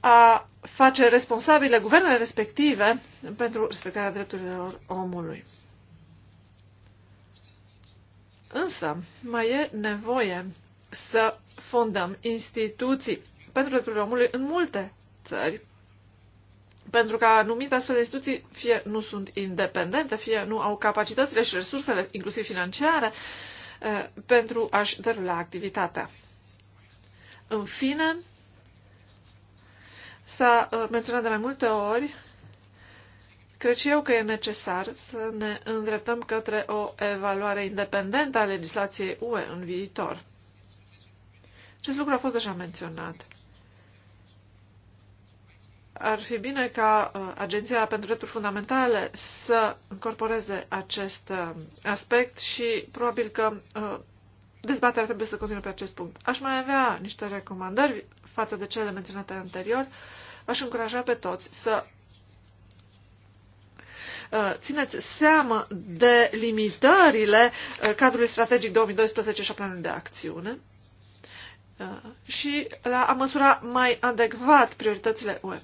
a face responsabile guvernele respective pentru respectarea drepturilor omului. Însă, mai e nevoie să fondăm instituții pentru drepturile omului în multe țări, pentru că anumite astfel de instituții fie nu sunt independente, fie nu au capacitățile și resursele, inclusiv financiare, eh, pentru a-și derula activitatea. În fine, S-a uh, menționat de mai multe ori, cred și eu că e necesar să ne îndreptăm către o evaluare independentă a legislației UE în viitor. Acest lucru a fost deja menționat. Ar fi bine ca uh, Agenția pentru Drepturi Fundamentale să incorporeze acest uh, aspect și probabil că dezbaterea trebuie să continue pe acest punct. Aș mai avea niște recomandări față de cele menționate anterior, v-aș încuraja pe toți să uh, țineți seamă de limitările uh, cadrului strategic 2012 și a planului de acțiune uh, și la a măsura mai adecvat prioritățile UE.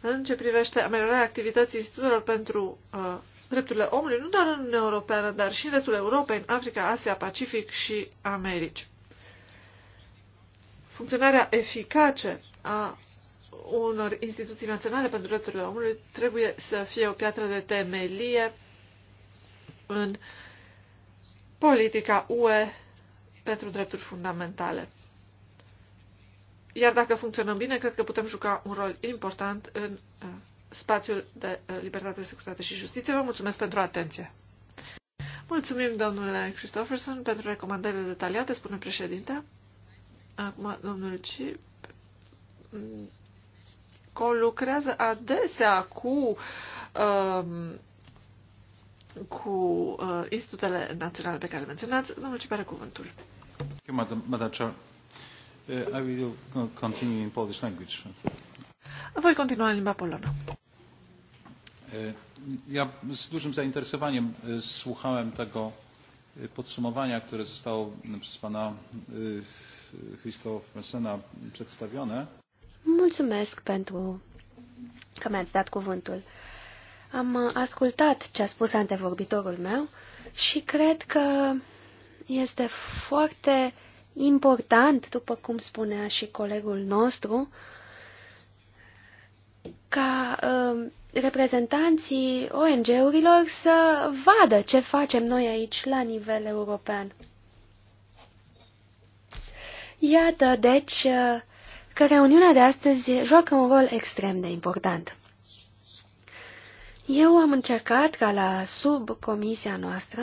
În ce privește ameliorarea activității instituțiilor pentru drepturile omului, nu doar în Uniunea Europeană, dar și în restul Europei, în Africa, Asia, Pacific și Americi. Funcționarea eficace a unor instituții naționale pentru drepturile omului trebuie să fie o piatră de temelie în politica UE pentru drepturi fundamentale. Iar dacă funcționăm bine, cred că putem juca un rol important în uh, spațiul de uh, libertate, securitate și justiție. Vă mulțumesc pentru atenție. Mulțumim, domnule Christofferson, pentru recomandările detaliate, spune președinte. Acum, domnul Cip lucrează adesea cu um, cu uh, institutele naționale pe care le menționați. Domnul Cipare, cuvântul. Uh, Voi continua în limba polonă. Uh, ja z dużym zainteresowaniem słuchałem tego podsumowania, które zostało mm, przez pana Christophersena przedstawione. Mulțumesc pentru că mi-ați dat cuvântul. Am ascultat ce a spus antevorbitorul meu și cred că este foarte important, după cum spunea și colegul nostru, ca uh, reprezentanții ONG-urilor să vadă ce facem noi aici la nivel european. Iată, deci, că reuniunea de astăzi joacă un rol extrem de important. Eu am încercat ca la subcomisia noastră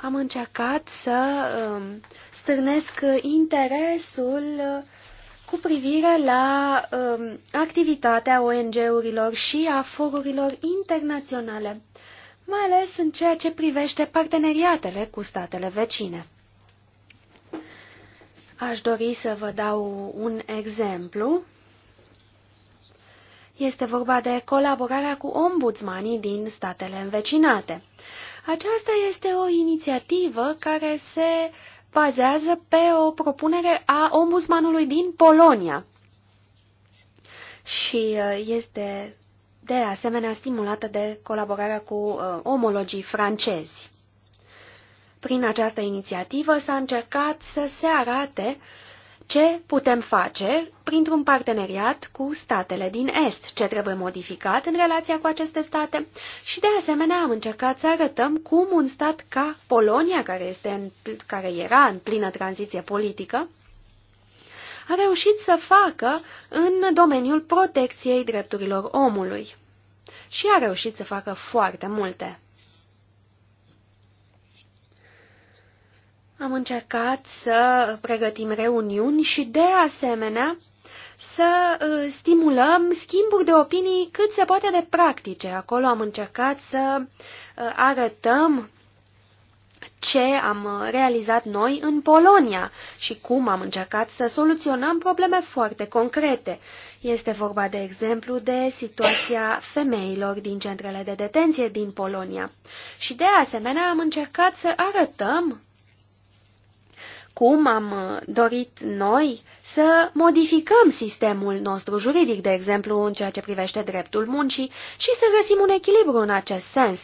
am încercat să um, stârnesc interesul uh, cu privire la um, activitatea ONG-urilor și a forurilor internaționale, mai ales în ceea ce privește parteneriatele cu statele vecine. Aș dori să vă dau un exemplu. Este vorba de colaborarea cu ombudsmanii din statele învecinate. Aceasta este o inițiativă care se bazează pe o propunere a ombudsmanului din Polonia și uh, este de asemenea stimulată de colaborarea cu uh, omologii francezi. Prin această inițiativă s-a încercat să se arate ce putem face printr-un parteneriat cu statele din Est, ce trebuie modificat în relația cu aceste state și de asemenea am încercat să arătăm cum un stat ca Polonia, care, este în, care era în plină tranziție politică, a reușit să facă în domeniul protecției drepturilor omului. Și a reușit să facă foarte multe. Am încercat să pregătim reuniuni și, de asemenea, să uh, stimulăm schimburi de opinii cât se poate de practice. Acolo am încercat să uh, arătăm ce am uh, realizat noi în Polonia și cum am încercat să soluționăm probleme foarte concrete. Este vorba, de exemplu, de situația femeilor din centrele de detenție din Polonia. Și, de asemenea, am încercat să arătăm cum am uh, dorit noi să modificăm sistemul nostru juridic, de exemplu în ceea ce privește dreptul muncii, și să găsim un echilibru în acest sens.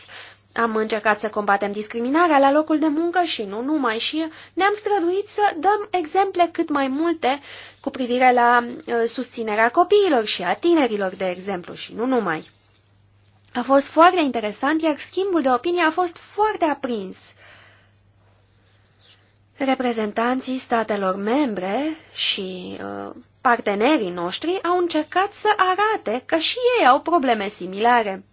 Am încercat să combatem discriminarea la locul de muncă și nu numai și ne-am străduit să dăm exemple cât mai multe cu privire la uh, susținerea copiilor și a tinerilor, de exemplu, și nu numai. A fost foarte interesant, iar schimbul de opinie a fost foarte aprins reprezentanții statelor membre și uh, partenerii noștri au încercat să arate că și ei au probleme similare.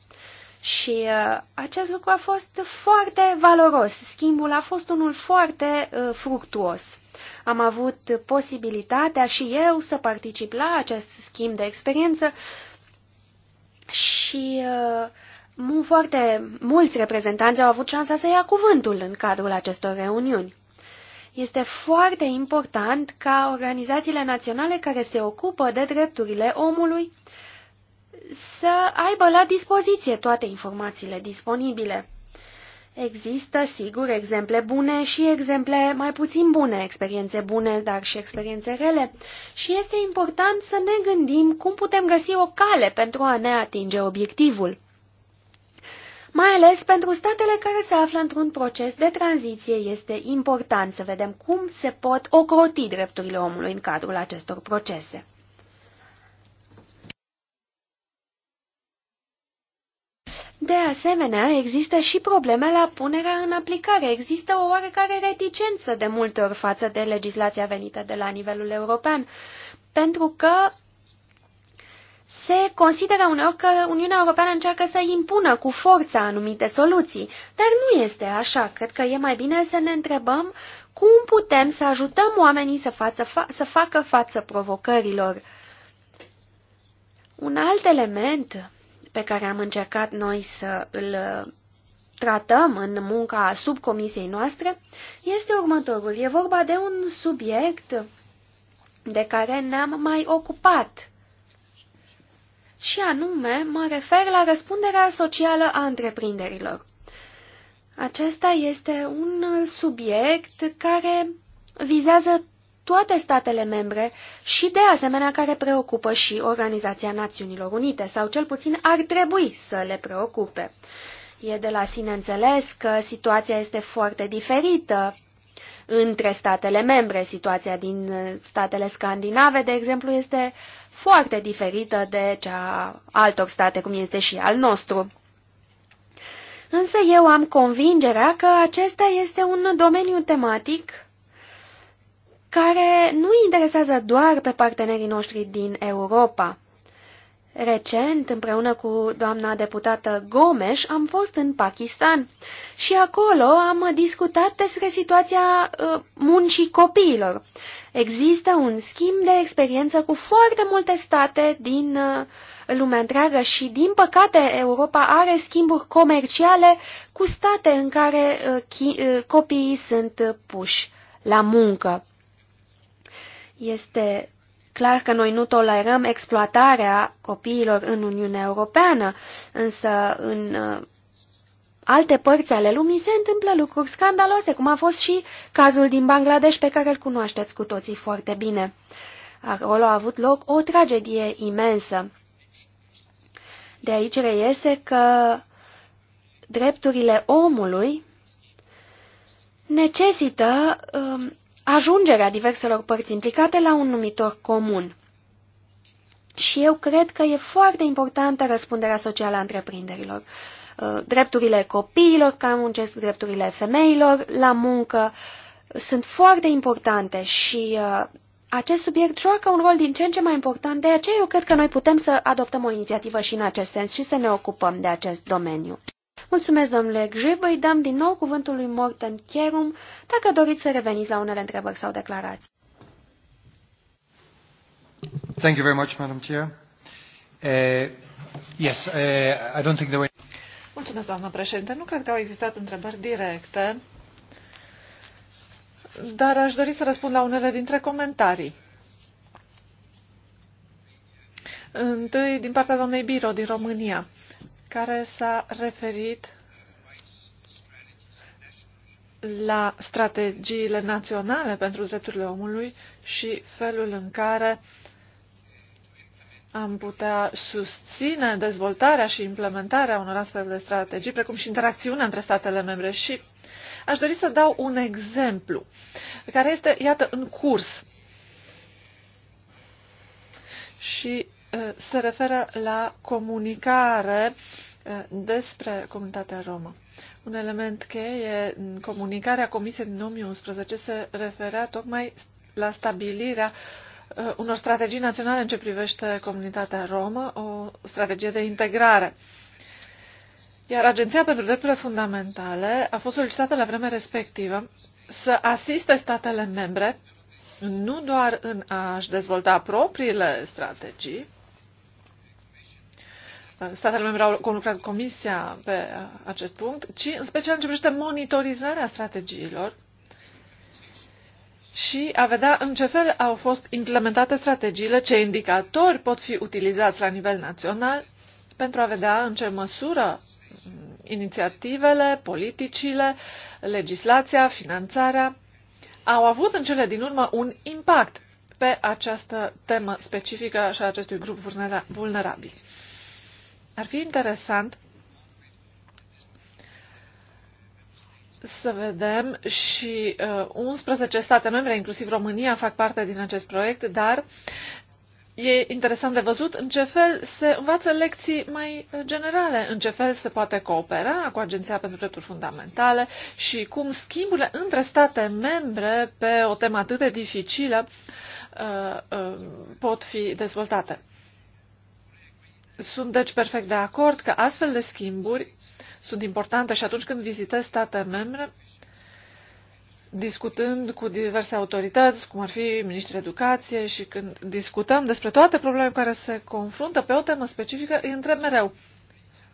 Și uh, acest lucru a fost foarte valoros. Schimbul a fost unul foarte uh, fructuos. Am avut posibilitatea și eu să particip la acest schimb de experiență și uh, foarte mulți reprezentanți au avut șansa să ia cuvântul în cadrul acestor reuniuni. Este foarte important ca organizațiile naționale care se ocupă de drepturile omului să aibă la dispoziție toate informațiile disponibile. Există, sigur, exemple bune și exemple mai puțin bune, experiențe bune, dar și experiențe rele. Și este important să ne gândim cum putem găsi o cale pentru a ne atinge obiectivul. Mai ales pentru statele care se află într-un proces de tranziție este important să vedem cum se pot ocroti drepturile omului în cadrul acestor procese. De asemenea, există și probleme la punerea în aplicare. Există o oarecare reticență de multe ori față de legislația venită de la nivelul european, pentru că se consideră uneori că Uniunea Europeană încearcă să impună cu forța anumite soluții, dar nu este așa. Cred că e mai bine să ne întrebăm cum putem să ajutăm oamenii să, față, fa să facă față provocărilor. Un alt element pe care am încercat noi să îl uh, tratăm în munca subcomisiei noastre este următorul. E vorba de un subiect de care ne-am mai ocupat și anume mă refer la răspunderea socială a întreprinderilor. Acesta este un subiect care vizează toate statele membre și de asemenea care preocupă și Organizația Națiunilor Unite, sau cel puțin ar trebui să le preocupe. E de la sine înțeles că situația este foarte diferită între statele membre. Situația din uh, statele scandinave, de exemplu, este foarte diferită de cea altor state, cum este și al nostru. Însă eu am convingerea că acesta este un domeniu tematic care nu interesează doar pe partenerii noștri din Europa. Recent, împreună cu doamna deputată Gomes, am fost în Pakistan și acolo am discutat despre situația uh, muncii copiilor. Există un schimb de experiență cu foarte multe state din uh, lumea întreagă și, din păcate, Europa are schimburi comerciale cu state în care uh, copiii sunt puși la muncă. Este clar că noi nu tolerăm exploatarea copiilor în Uniunea Europeană, însă în uh, alte părți ale lumii se întâmplă lucruri scandaloase, cum a fost și cazul din Bangladesh pe care îl cunoașteți cu toții foarte bine. Acolo a avut loc o tragedie imensă. De aici reiese că drepturile omului necesită um, ajungerea diverselor părți implicate la un numitor comun. Și eu cred că e foarte importantă răspunderea socială a întreprinderilor. Uh, drepturile copiilor, care muncesc drepturile femeilor la muncă, uh, sunt foarte importante și uh, acest subiect joacă un rol din ce în ce mai important, de aceea eu cred că noi putem să adoptăm o inițiativă și în acest sens și să ne ocupăm de acest domeniu. Mulțumesc, domnule Grzyb. Îi dăm din nou cuvântul lui Morten Kierum dacă doriți să reveniți la unele întrebări sau declarații. Thank you very much, Madam Chair. Uh, yes, uh, I don't think there were... Mulțumesc, doamnă președinte. Nu cred că au existat întrebări directe, dar aș dori să răspund la unele dintre comentarii. Întâi, din partea doamnei Biro din România care s-a referit la strategiile naționale pentru drepturile omului și felul în care am putea susține dezvoltarea și implementarea unor astfel de strategii, precum și interacțiunea între statele membre. Și aș dori să dau un exemplu care este, iată, în curs. Și Uh, se referă la comunicare uh, despre comunitatea romă. Un element cheie în comunicarea Comisiei din 2011 se referea tocmai la stabilirea uh, unor strategii naționale în ce privește comunitatea romă, o strategie de integrare. Iar Agenția pentru Drepturile Fundamentale a fost solicitată la vremea respectivă să asiste statele membre nu doar în a-și dezvolta propriile strategii, statele membre au conlucrat cu Comisia pe acest punct, ci în special în ce privește monitorizarea strategiilor și a vedea în ce fel au fost implementate strategiile, ce indicatori pot fi utilizați la nivel național pentru a vedea în ce măsură inițiativele, politicile, legislația, finanțarea au avut în cele din urmă un impact pe această temă specifică și a acestui grup vulnerabil. Ar fi interesant să vedem și uh, 11 state membre, inclusiv România, fac parte din acest proiect, dar e interesant de văzut în ce fel se învață lecții mai uh, generale, în ce fel se poate coopera cu Agenția pentru Drepturi Fundamentale și cum schimburile între state membre pe o temă atât de dificilă uh, uh, pot fi dezvoltate. Sunt deci perfect de acord că astfel de schimburi sunt importante și atunci când vizitez state membre, discutând cu diverse autorități, cum ar fi ministrul educației și când discutăm despre toate problemele care se confruntă pe o temă specifică, îi întreb mereu,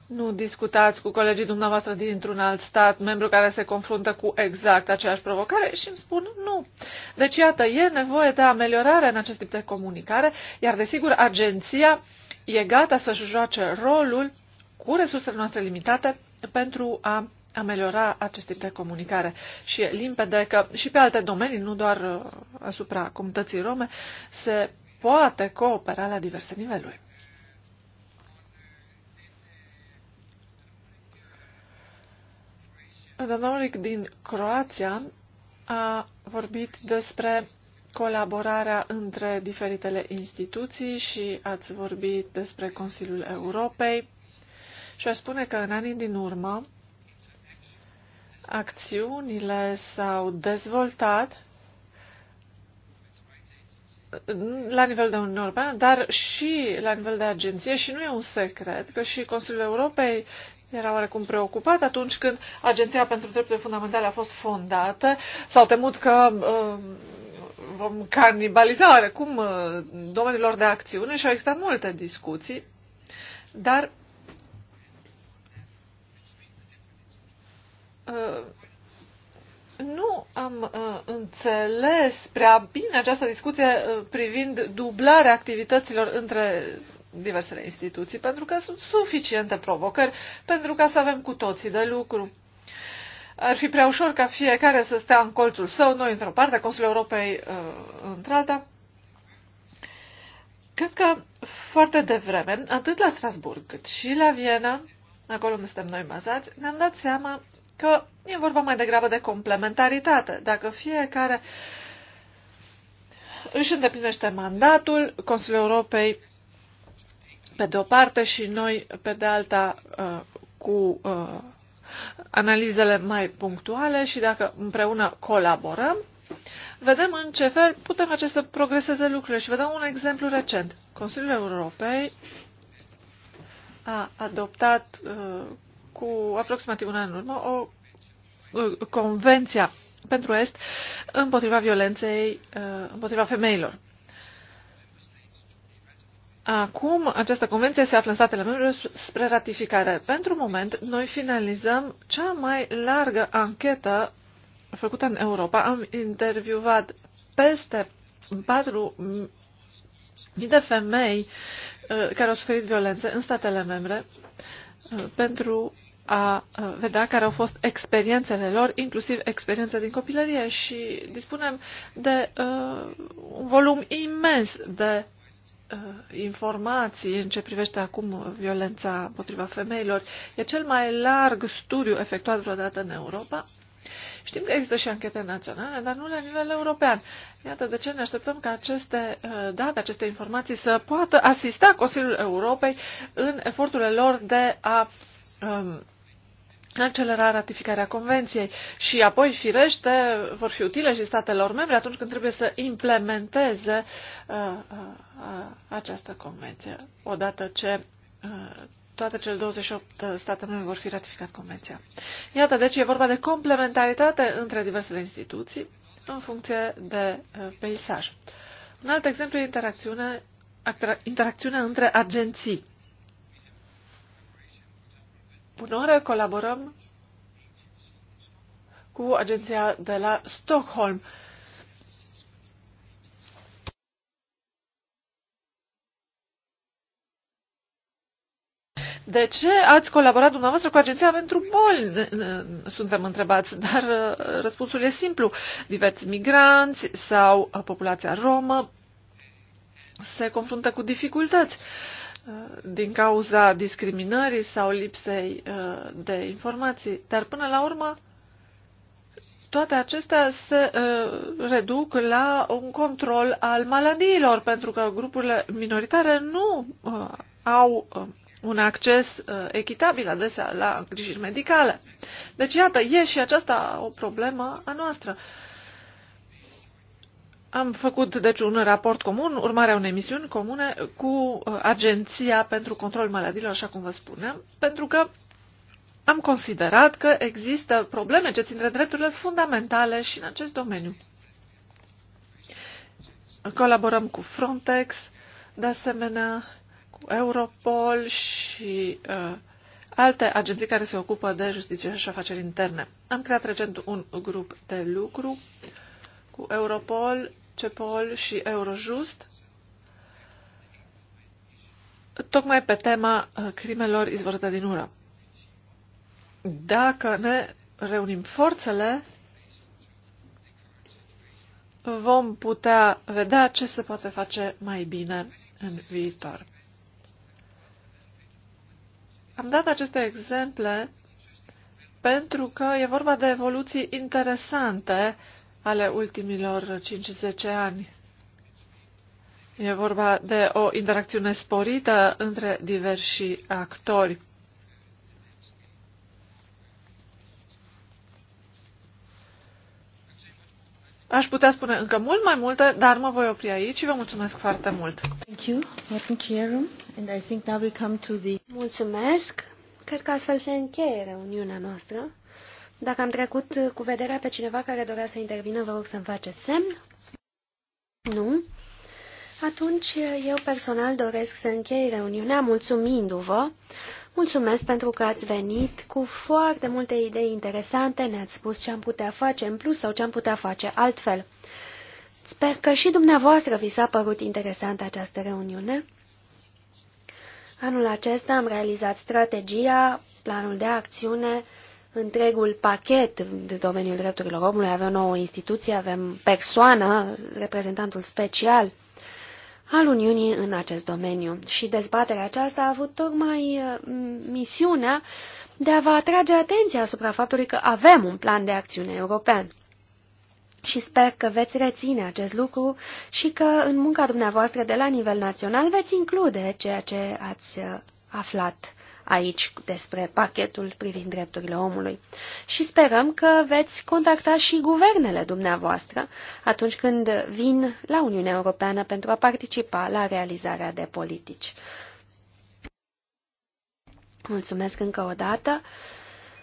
nu discutați cu colegii dumneavoastră dintr-un alt stat, membru care se confruntă cu exact aceeași provocare și îmi spun nu. Deci, iată, e nevoie de ameliorare în acest tip de comunicare, iar, desigur, agenția uh, e gata să-și joace rolul cu resursele noastre limitate pentru a ameliora acest tip de comunicare. Și e limpede că și pe alte domenii, nu doar uh, asupra comunității rome, se poate coopera la diverse niveluri. Doamna din Croația a vorbit despre colaborarea între diferitele instituții și ați vorbit despre Consiliul Europei și aș spune că în anii din urmă acțiunile s-au dezvoltat la nivel de Uniunea Europeană, dar și la nivel de agenție și nu e un secret că și Consiliul Europei era oarecum preocupat atunci când Agenția pentru Drepturile Fundamentale a fost fondată. S-au temut că uh, vom canibaliza oarecum uh, domeniilor de acțiune și au existat multe discuții, dar uh, nu am uh, înțeles prea bine această discuție privind dublarea activităților între diversele instituții, pentru că sunt suficiente provocări pentru ca să avem cu toții de lucru. Ar fi prea ușor ca fiecare să stea în colțul său, noi într-o parte, Consiliul Europei uh, într-alta. Cred că foarte devreme, atât la Strasburg cât și la Viena, acolo unde suntem noi bazați, ne-am dat seama că e vorba mai degrabă de complementaritate. Dacă fiecare își îndeplinește mandatul, Consiliul Europei pe de o parte și noi pe de alta uh, cu uh, analizele mai punctuale și dacă împreună colaborăm, vedem în ce fel putem face să progreseze lucrurile. Și vă dau un exemplu recent. Consiliul Europei a adoptat uh, cu aproximativ un an în urmă o uh, convenția pentru Est împotriva violenței uh, împotriva femeilor. Acum, această convenție se află în statele membre spre ratificare. Pentru moment, noi finalizăm cea mai largă anchetă făcută în Europa. Am intervievat peste 4.000 de femei uh, care au suferit violențe în statele membre uh, pentru a uh, vedea care au fost experiențele lor, inclusiv experiențe din copilărie și dispunem de uh, un volum imens de Uh, informații în ce privește acum violența împotriva femeilor. E cel mai larg studiu efectuat vreodată în Europa. Știm că există și anchete naționale, dar nu la nivel european. Iată de ce ne așteptăm ca aceste uh, date, aceste informații să poată asista Consiliul Europei în eforturile lor de a um, accelera ratificarea convenției și apoi, firește, vor fi utile și statelor membre atunci când trebuie să implementeze uh, uh, uh această convenție, odată ce uh, toate cele 28 state membre vor fi ratificat convenția. Iată, deci e vorba de complementaritate între diversele instituții în funcție de uh, peisaj. Un alt exemplu e interacțiune, interacțiunea între agenții Bună colaborăm cu agenția de la Stockholm. De ce ați colaborat dumneavoastră cu Agenția pentru Boli? Suntem întrebați, dar uh, răspunsul e simplu. Diverți migranți sau populația romă se confruntă cu dificultăți. Uh, din cauza discriminării sau lipsei uh, de informații. Dar până la urmă, toate acestea se uh, reduc la un control al maladiilor, pentru că grupurile minoritare nu uh, au un acces echitabil adesea la îngrijiri medicale. Deci, iată, e și aceasta o problemă a noastră. Uh, am făcut, deci, un raport comun, urmarea unei misiuni comune cu uh, Agenția pentru Control Maladilor, așa cum vă spuneam, pentru că am considerat că există probleme ce țin de drepturile fundamentale și în acest domeniu. Colaborăm cu Frontex, de asemenea cu Europol și uh, alte agenții care se ocupă de justiție și afaceri interne. Am creat recent un grup de lucru cu Europol CEPOL și Eurojust, tocmai pe tema uh, crimelor izvorâte din ură. Dacă ne reunim forțele, vom putea vedea ce se poate face mai bine în viitor. Am dat aceste exemple pentru că e vorba de evoluții interesante ale ultimilor 5-10 ani. E vorba de o interacțiune sporită între diversi actori. Aș putea spune încă mult mai multe, dar mă voi opri aici și vă mulțumesc foarte mult. Thank you. And I think now we come to the... Mulțumesc. Cred că astfel se încheie reuniunea noastră. Dacă am trecut cu vederea pe cineva care dorea să intervină, vă rog să-mi faceți semn. Nu? Atunci, eu personal doresc să închei reuniunea mulțumindu-vă. Mulțumesc pentru că ați venit cu foarte multe idei interesante, ne-ați spus ce am putea face în plus sau ce am putea face altfel. Sper că și dumneavoastră vi s-a părut interesantă această reuniune. Anul acesta am realizat strategia, planul de acțiune, întregul pachet de domeniul drepturilor omului. Avem nouă instituție, avem persoană, reprezentantul special al Uniunii în acest domeniu. Și dezbaterea aceasta a avut tocmai uh, misiunea de a vă atrage atenția asupra faptului că avem un plan de acțiune european. Și sper că veți reține acest lucru și că în munca dumneavoastră de la nivel național veți include ceea ce ați uh, aflat aici despre pachetul privind drepturile omului. Și sperăm că veți contacta și guvernele dumneavoastră atunci când vin la Uniunea Europeană pentru a participa la realizarea de politici. Mulțumesc încă o dată.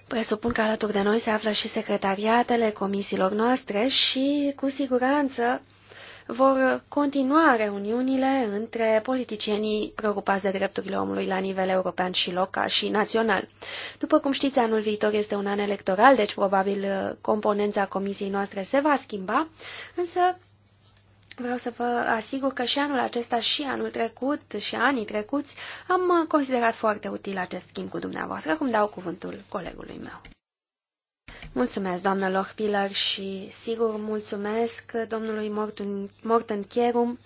Presupun că alături de noi se află și secretariatele comisiilor noastre și, cu siguranță, vor continua reuniunile între politicienii preocupați de drepturile omului la nivel european și local și național. După cum știți, anul viitor este un an electoral, deci probabil uh, componența comisiei noastre se va schimba, însă Vreau să vă asigur că și anul acesta și anul trecut și anii trecuți am considerat foarte util acest schimb cu dumneavoastră, cum dau cuvântul colegului meu. Mulțumesc, doamnă Lochpiller, și sigur mulțumesc domnului Morten, Morten Chierum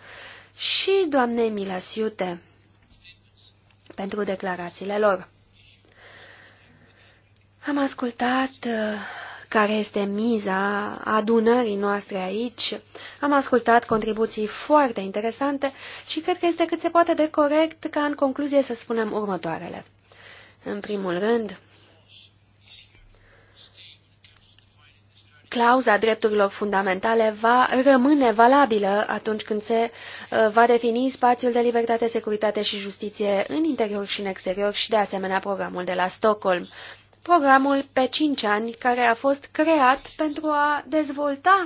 și doamnei Milas Iute pentru declarațiile lor. Am ascultat uh, care este miza adunării noastre aici. Am ascultat contribuții foarte interesante și cred că este cât se poate de corect ca în concluzie să spunem următoarele. În primul rând, clauza drepturilor fundamentale va rămâne valabilă atunci când se uh, va defini spațiul de libertate, securitate și justiție în interior și în exterior și de asemenea programul de la Stockholm. Programul pe 5 ani care a fost creat pentru a dezvolta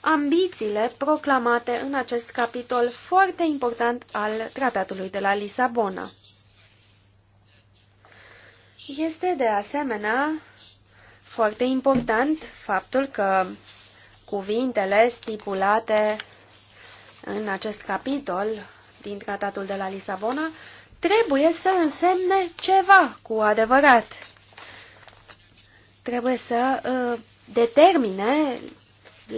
ambițiile proclamate în acest capitol foarte important al Tratatului de la Lisabona. Este de asemenea foarte important faptul că cuvintele stipulate în acest capitol din Tratatul de la Lisabona trebuie să însemne ceva cu adevărat. Trebuie să uh, determine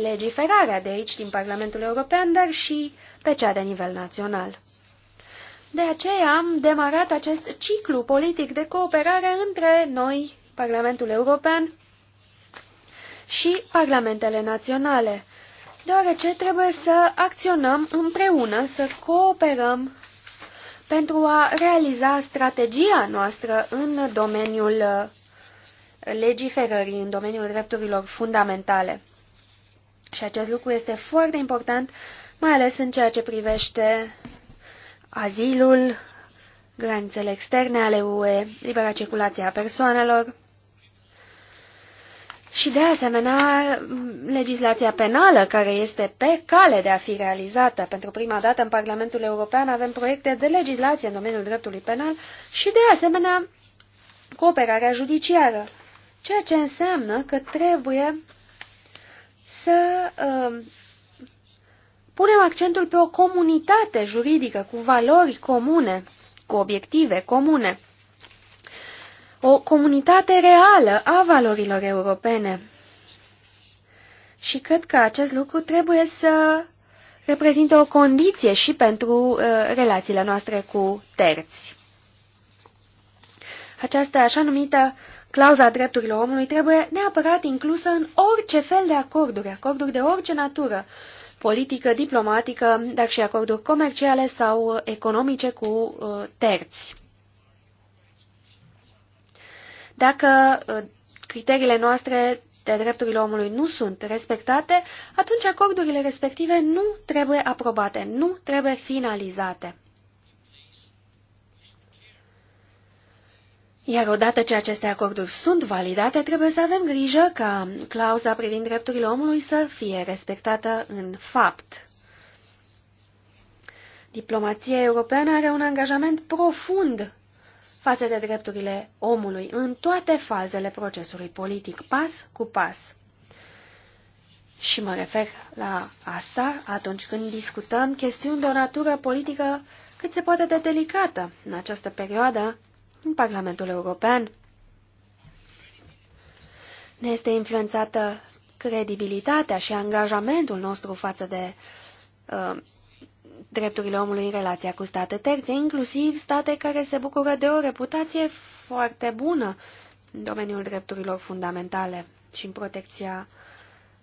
legiferarea de aici din Parlamentul European, dar și pe cea de nivel național. De aceea am demarat acest ciclu politic de cooperare între noi, Parlamentul European, și parlamentele naționale, deoarece trebuie să acționăm împreună, să cooperăm pentru a realiza strategia noastră în domeniul uh, legiferării, în domeniul drepturilor fundamentale. Și acest lucru este foarte important, mai ales în ceea ce privește azilul, granițele externe ale UE, libera circulație a persoanelor și de asemenea legislația penală care este pe cale de a fi realizată. Pentru prima dată în Parlamentul European avem proiecte de legislație în domeniul dreptului penal și de asemenea cooperarea judiciară, ceea ce înseamnă că trebuie să uh, punem accentul pe o comunitate juridică cu valori comune, cu obiective comune o comunitate reală a valorilor europene. Și cred că acest lucru trebuie să reprezintă o condiție și pentru uh, relațiile noastre cu terți. Această așa numită clauza drepturilor omului trebuie neapărat inclusă în orice fel de acorduri, acorduri de orice natură, politică, diplomatică, dar și acorduri comerciale sau economice cu uh, terți. Dacă uh, criteriile noastre de drepturile omului nu sunt respectate, atunci acordurile respective nu trebuie aprobate, nu trebuie finalizate. Iar odată ce aceste acorduri sunt validate, trebuie să avem grijă ca clauza privind drepturile omului să fie respectată în fapt. Diplomația europeană are un angajament profund față de drepturile omului în toate fazele procesului politic, pas cu pas. Și mă refer la asta atunci când discutăm chestiuni de o natură politică cât se poate de delicată în această perioadă în Parlamentul European. Ne este influențată credibilitatea și angajamentul nostru față de uh, drepturile omului în relația cu state terțe, inclusiv state care se bucură de o reputație foarte bună în domeniul drepturilor fundamentale și în protecția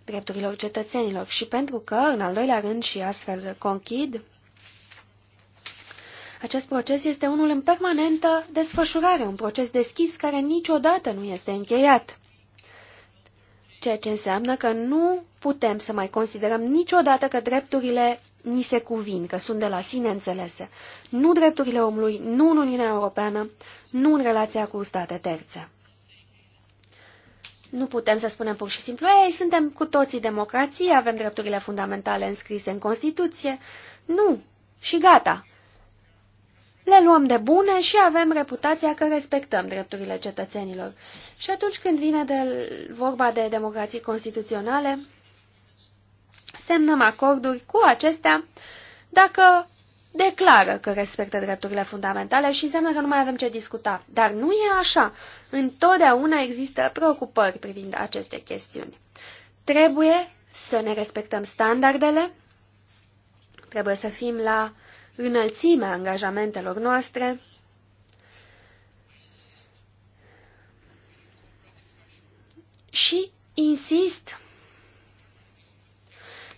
drepturilor cetățenilor. Și pentru că, în al doilea rând și astfel conchid, acest proces este unul în permanentă desfășurare, un proces deschis care niciodată nu este încheiat. Ceea ce înseamnă că nu putem să mai considerăm niciodată că drepturile ni se cuvin, că sunt de la sine înțelese. Nu drepturile omului, nu în Uniunea Europeană, nu în relația cu state terțe. Nu putem să spunem pur și simplu, ei, suntem cu toții democrații, avem drepturile fundamentale înscrise în Constituție. Nu. Și gata. Le luăm de bune și avem reputația că respectăm drepturile cetățenilor. Și atunci când vine de vorba de democrații constituționale, semnăm acorduri cu acestea dacă declară că respectă drepturile fundamentale și înseamnă că nu mai avem ce discuta. Dar nu e așa. Întotdeauna există preocupări privind aceste chestiuni. Trebuie să ne respectăm standardele, trebuie să fim la înălțimea angajamentelor noastre, și insist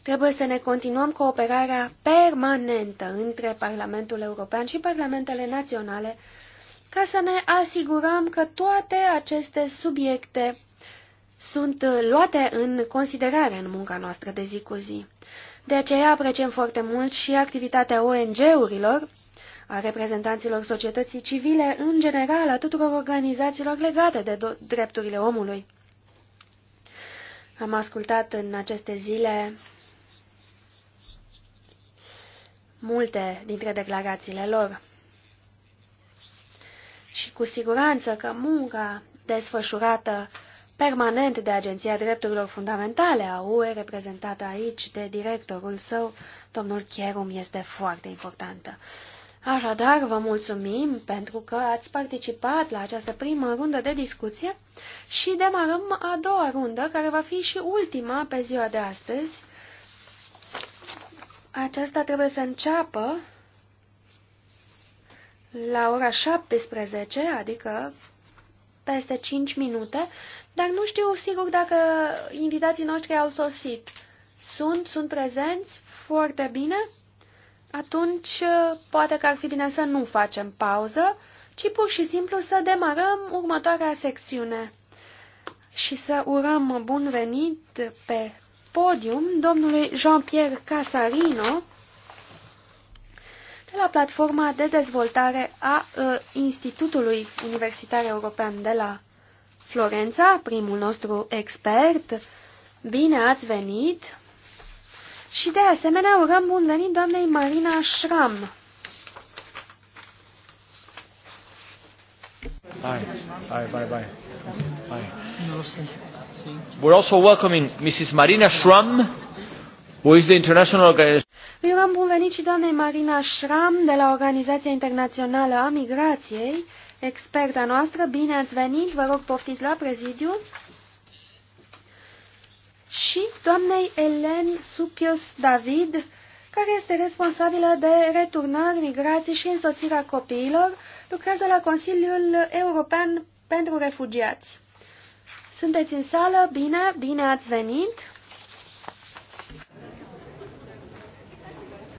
Trebuie să ne continuăm cooperarea permanentă între Parlamentul European și Parlamentele Naționale ca să ne asigurăm că toate aceste subiecte sunt luate în considerare în munca noastră de zi cu zi. De aceea apreciem foarte mult și activitatea ONG-urilor, a reprezentanților societății civile, în general a tuturor organizațiilor legate de drepturile omului. Am ascultat în aceste zile multe dintre declarațiile lor. Și cu siguranță că munca desfășurată permanent de Agenția Drepturilor Fundamentale a UE, reprezentată aici de directorul său, domnul Cherum, este foarte importantă. Așadar, vă mulțumim pentru că ați participat la această primă rundă de discuție și demarăm a doua rundă, care va fi și ultima pe ziua de astăzi, aceasta trebuie să înceapă la ora 17, adică peste 5 minute, dar nu știu sigur dacă invitații noștri au sosit. Sunt, sunt prezenți, foarte bine. Atunci, poate că ar fi bine să nu facem pauză, ci pur și simplu să demarăm următoarea secțiune și să urăm bun venit pe podium domnului Jean-Pierre Casarino de la platforma de dezvoltare a uh, Institutului Universitar European de la Florența, primul nostru expert. Bine ați venit! Și de asemenea urăm bun venit doamnei Marina Schram. Bye. Bye, bye, bye. Bye. Nu o We're also welcoming Mrs. Marina Schramm, who is the international organization. Îi bun venit și doamnei Marina Schramm de la Organizația Internațională a Migrației, experta noastră. Bine ați venit, vă rog poftiți la prezidiu. Și doamnei Elen Supios David, care este responsabilă de returnare, migrație și însoțirea copiilor, lucrează la Consiliul European pentru Refugiați. Sunteți în sală? Bine, bine ați venit!